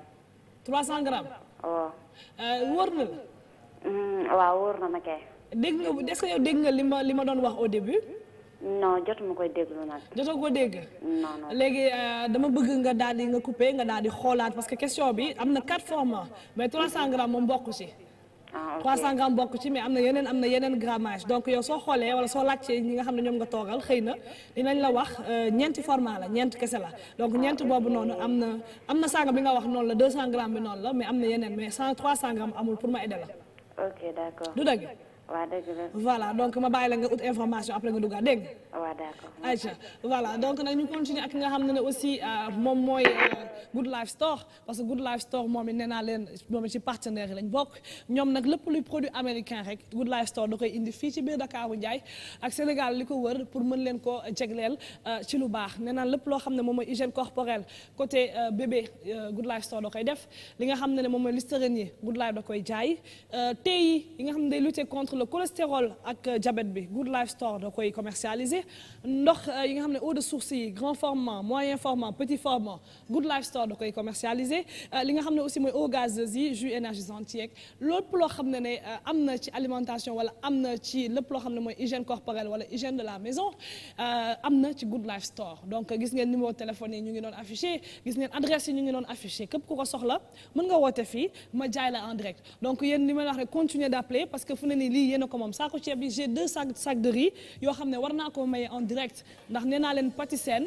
300 grammes. waaw. Euh, wóor na la. Mm, waaw wóor na ma kay. dégg nga est-ce que yow dégg nga li ma li ma doon wax au début. non jotuma koy déglu nag. jotoo ko dégg. non non léegi euh, dama bëgg nga daal di nga coupé nga daal di xoolaat parce que question bi am na quatre formats mais 300 grammes moom bokku ci. 300 ah, grammes bokk ci mais am na yeneen am na yeneen grammage donc yow soo xoolee wala soo laajtee ñi nga xam ne ñoom nga toogal xëy na dinañ la wax euh, ñeenti forma la ñeent kese la donc ñeent ah, boobu noonu am na am na sànga bi nga wax noonu la 200 grammes bi noonu la mais am na yeneen mais 100 300 grammes amul pour ma aider la. du dëgg. waaw dëgg la voilà donc ma bàyyi la nga ut information après nga duggaat dégg nga. waaw d'accord Aïcha voilà donc nag ñu continuer ak nga xam ne ne aussi euh, moom mooy euh, Good Life Store parce que Good Life Store moom it nee naa leen moom it ci partenaire yi lañ bokk ñoom nag lépp luy produit américain rek Good Life Store da koy indi fii ci biir Dakaaru Njaay ak Sénégal li ko wër pour mën leen koo jegleel euh, ci lu baax nee naa lépp loo xam ne moom mooy hygiène corporelle côté bébé Good Life Store koy def li nga xam ne ne moom mooy Listerine yi Good Life da koy jaay tey le cholestérol ak diabète bi Good Life Store da koy commercialiser ndox euh, yi nga xam ne eau de source yi grand format moyen format petit format Good Life Store da koy commercialiser euh, li nga xam ne aussi mooy eau gazeuse yi jus énergisante yeeg lépp loo xam ne ne euh, am na ci alimentation wala am na ci lépp loo xam ne mooy hygiène corporelle wala hygiène de la maison am na ci Good Life Store donc gis ngeen numéro téléphone yi ñu ngi doon ngeen adresse ngi doon affiché ku ko soxla mën nga woote fii yéen ko moom saako ceeb bi j'ai deux sacs sacs de yoo xam ne war naa ko maye en direct ndax nee naa leen Patisen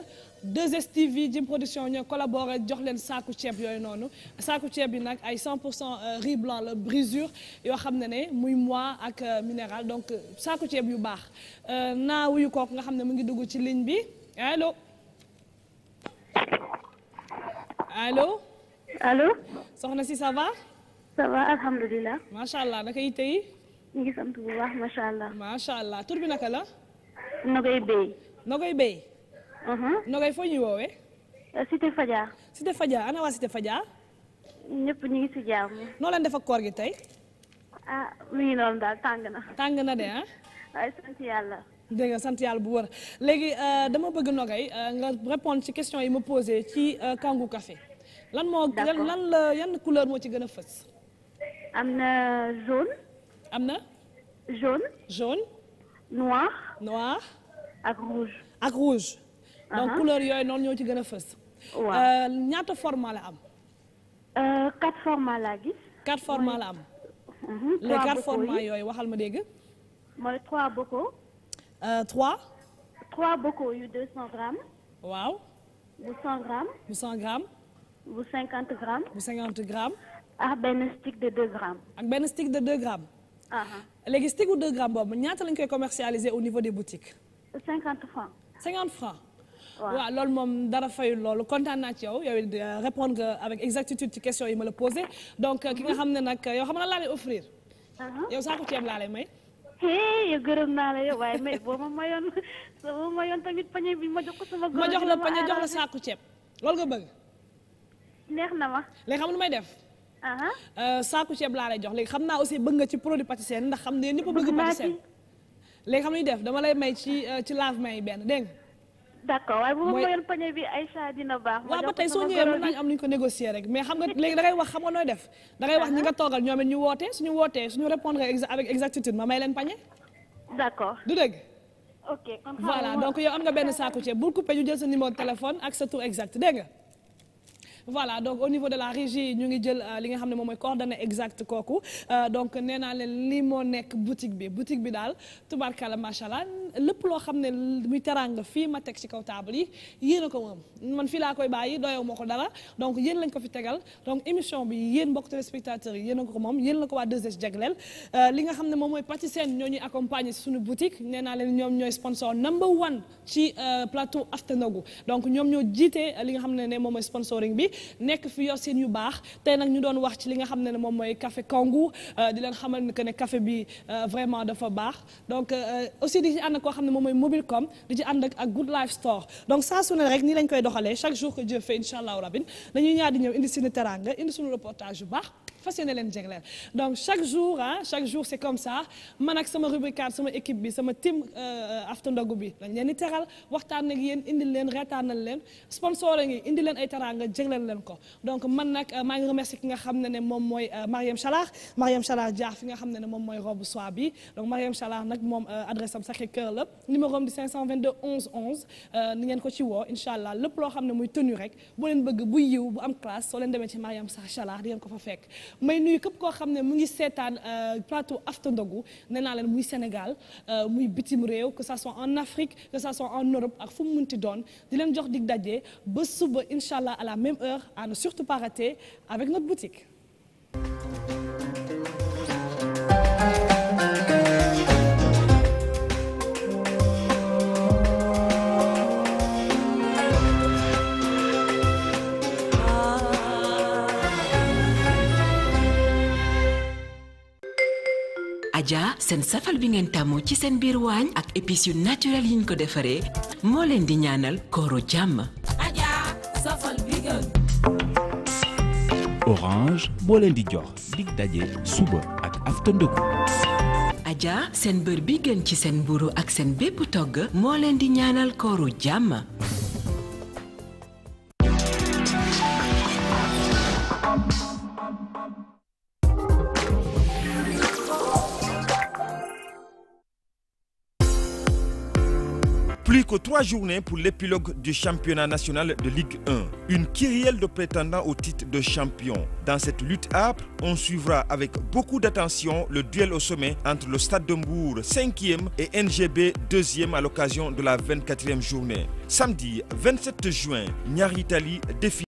2STV Jim Production ñoo collaboré jox leen saaku ceeb yooyu noonu saaku ceeb bi nag ay 100 pour cent euh, riz blanc la brisure yoo xam ne ne muy moi ak euh, minéral donc euh, saaku ceeb yu baax naa wuyu kooku nga xam ne mu ngi duggu ci ligne bi allo allo. soxna si ça va. alhamdulilah. macha allah naka yitte yi. ñu ngi sant bu baax macha allah. macha allah tur bi naka la. Nogoy Bey. Nogoy Bey. Uh-huh. Nogoy foo ñuy woowee. Cité Fadia. Cité Fadia ana waa Cité Fadia. ñëpp ñu ngi si jàmm. noo leen def koor gi tey. ah mi ngi noonu daal tàng na. tàng na de ah. waaye sant yàlla. dégg sant yàlla bu wër léegi euh, dama bëgg Nogoy euh, nga répondre ci question yi ma posé ci euh, Kangoo Café. lan moo lan la yan couleur moo ci gën a fës. am na jaune. am na. jaune. jaune. noir. noir. ak rouge. ak rouge. donc uh-huh. couleur yooyu noonu ñoo ci gën a fas waaw euh, ñaata format la am. Euh, quatre formats la am. Uh-huh. les quatre formats yooyu waxal ma dégg. mooy trois bocaux. Euh, trois. trois bocaux yu deux cent grammes. waaw. bu cent grammes. bu cent grammes. bu cinquante grammes. bu ak benn stick de deux grammes. ak benn stick de deux grammes. Uh-huh. léegi stigu de grammes boobu ñaata lañ koy commercialiser au niveau de boutiques. 50 francs. 50 francs. waaw loolu moom dara fayul loolu kontaan naa ci yow yow it euh, répondre nga avec exactitude ci question yi ma la posé donc euh, ki nga xam ne nag euh, yow xam na laa lay offrir. Uh-huh. yow saako ceeb laa lay may. yow naa waaye may boo ma tamit pañe bi ma jox ko sama. jox la pañe jox saako ceeb loolu nga bëgg. neex na ma. léegi xam lu may def. Euh, saaku ceeb laa lay jox léegi xam naa aussi bëgg nga ci produit pâtissier ndax xam ne ñëpp bëgg pâtissier léegi xam ñu def dama lay may ci euh, ci lave main benn dégg nga d'accord waaye bu ma mayoon pañe bi Aïcha dina baax. waaw ba tey soo ñëwee mën ko négocier rek mais xam nga léegi da wax xam nga nooy def. da ngay wax ñi nga toogal ñoom ñu woote suñu wootee suñu répondre avec exactitude ma may leen pañe. d'accord du dëgg. ok kon voilà donc yow am nga benn saako ceeb bu coupé ñu jël sa numéro téléphone ak sa tour exact dégg nga. voilà donc au niveau de la régie ñu ngi jël euh, li nga xam ne moom mooy coordonnée exacte kooku euh, donc nee naa leen moo nekk boutique bi boutique bi daal tubarkalla macha allah lépp loo xam ne muy teraanga fii ma teg ci kaw table yi yéen a ko man fii laa koy bàyyi doyoo ko dara donc yéen lañ ko fi tegal donc émission bi yéen mbokk téléspectateurs yi yéen a moom yéen la ko waa euh, li nga xam ne moom mooy pâtissier ñoo ñuy accompagner si suñu boutique nee naa leen ñoom ñooy sponsor number one ci plateau After Ndogou donc ñoom ñoo jiite li nga xam ne ne moom mooy sponsoring bi nekk fi yor seen yu baax tey nag ñu doon wax ci li nga xam ne ne moom mooy café Kangoo euh, di leen xamal ne que ne kafe bi euh, vraiment dafa baax donc euh, aussi di ci ànd ak koo xam ne moom mooy Mobilecom di ci ànd ak ak Good Life Store donc saa su ne rek nii lañ koy doxalee chaque jour que Dieu fait incha allahu rabin dañuy ñaar di ñëw indi suñu teranga indi suñu reportage yu baax fas yéene leen jagleel donc chaque jour a chaque jour c'est comme ça man ak sama rubricard sama équipe bi sama team euh, after ndogu bi dañ leen di teral waxtaan ak yéen indil leen reetaanal leen sponsor ngi indi leen ay teraanga jagleel leen ko donc man nag euh, maa ngi remercier ki nga xam ne ne moom mooy euh, Mariam Chalar Mariam Chalar Diar fi nga xam ne ne moom mooy robe soie bi donc Mariam Chalar nag moom adresse am Sacré Cœur la numéro am di 522 11 ko ci woo incha lépp loo xam ne muy tenue rek bu leen bëgg bu yiw bu am classe soo leen demee ci Mariam Chalar di ngeen ko fa fekk may nuyu képp koo xam ne mu ngi seetaan euh, plateau after ndogu nee naa leen muy Sénégal euh, muy bitim réew que ça soit en Afrique que ça soit en Europe ak fu mu munti doon di leen jox dig daje ba suba incha allah à la même heure à surtout pas rater avec notre boutique. Adja seen safal bi ngeen tàmmu ci seen biir waañ ak épices yu naturel yi ñu ko defaree moo leen di ñaanal kooru jàmm. Adja safal bi ngeen. Orange moo leen di jox dig daje suba ak after ndëgu. Adja seen bër bi gën ci seen mburu ak seen bépp togg moo leen di ñaanal kooru jàmm. Plus que trois journées pour l'épilogue du championnat national de Ligue 1. Une kyrielle de de champion. Dans cette lutte âpre, on suivra avec le duel au entre le Stade de Mbour 5e et NGB 2e à de la 24e journée. Samedi 27 juin, Niary Tally défie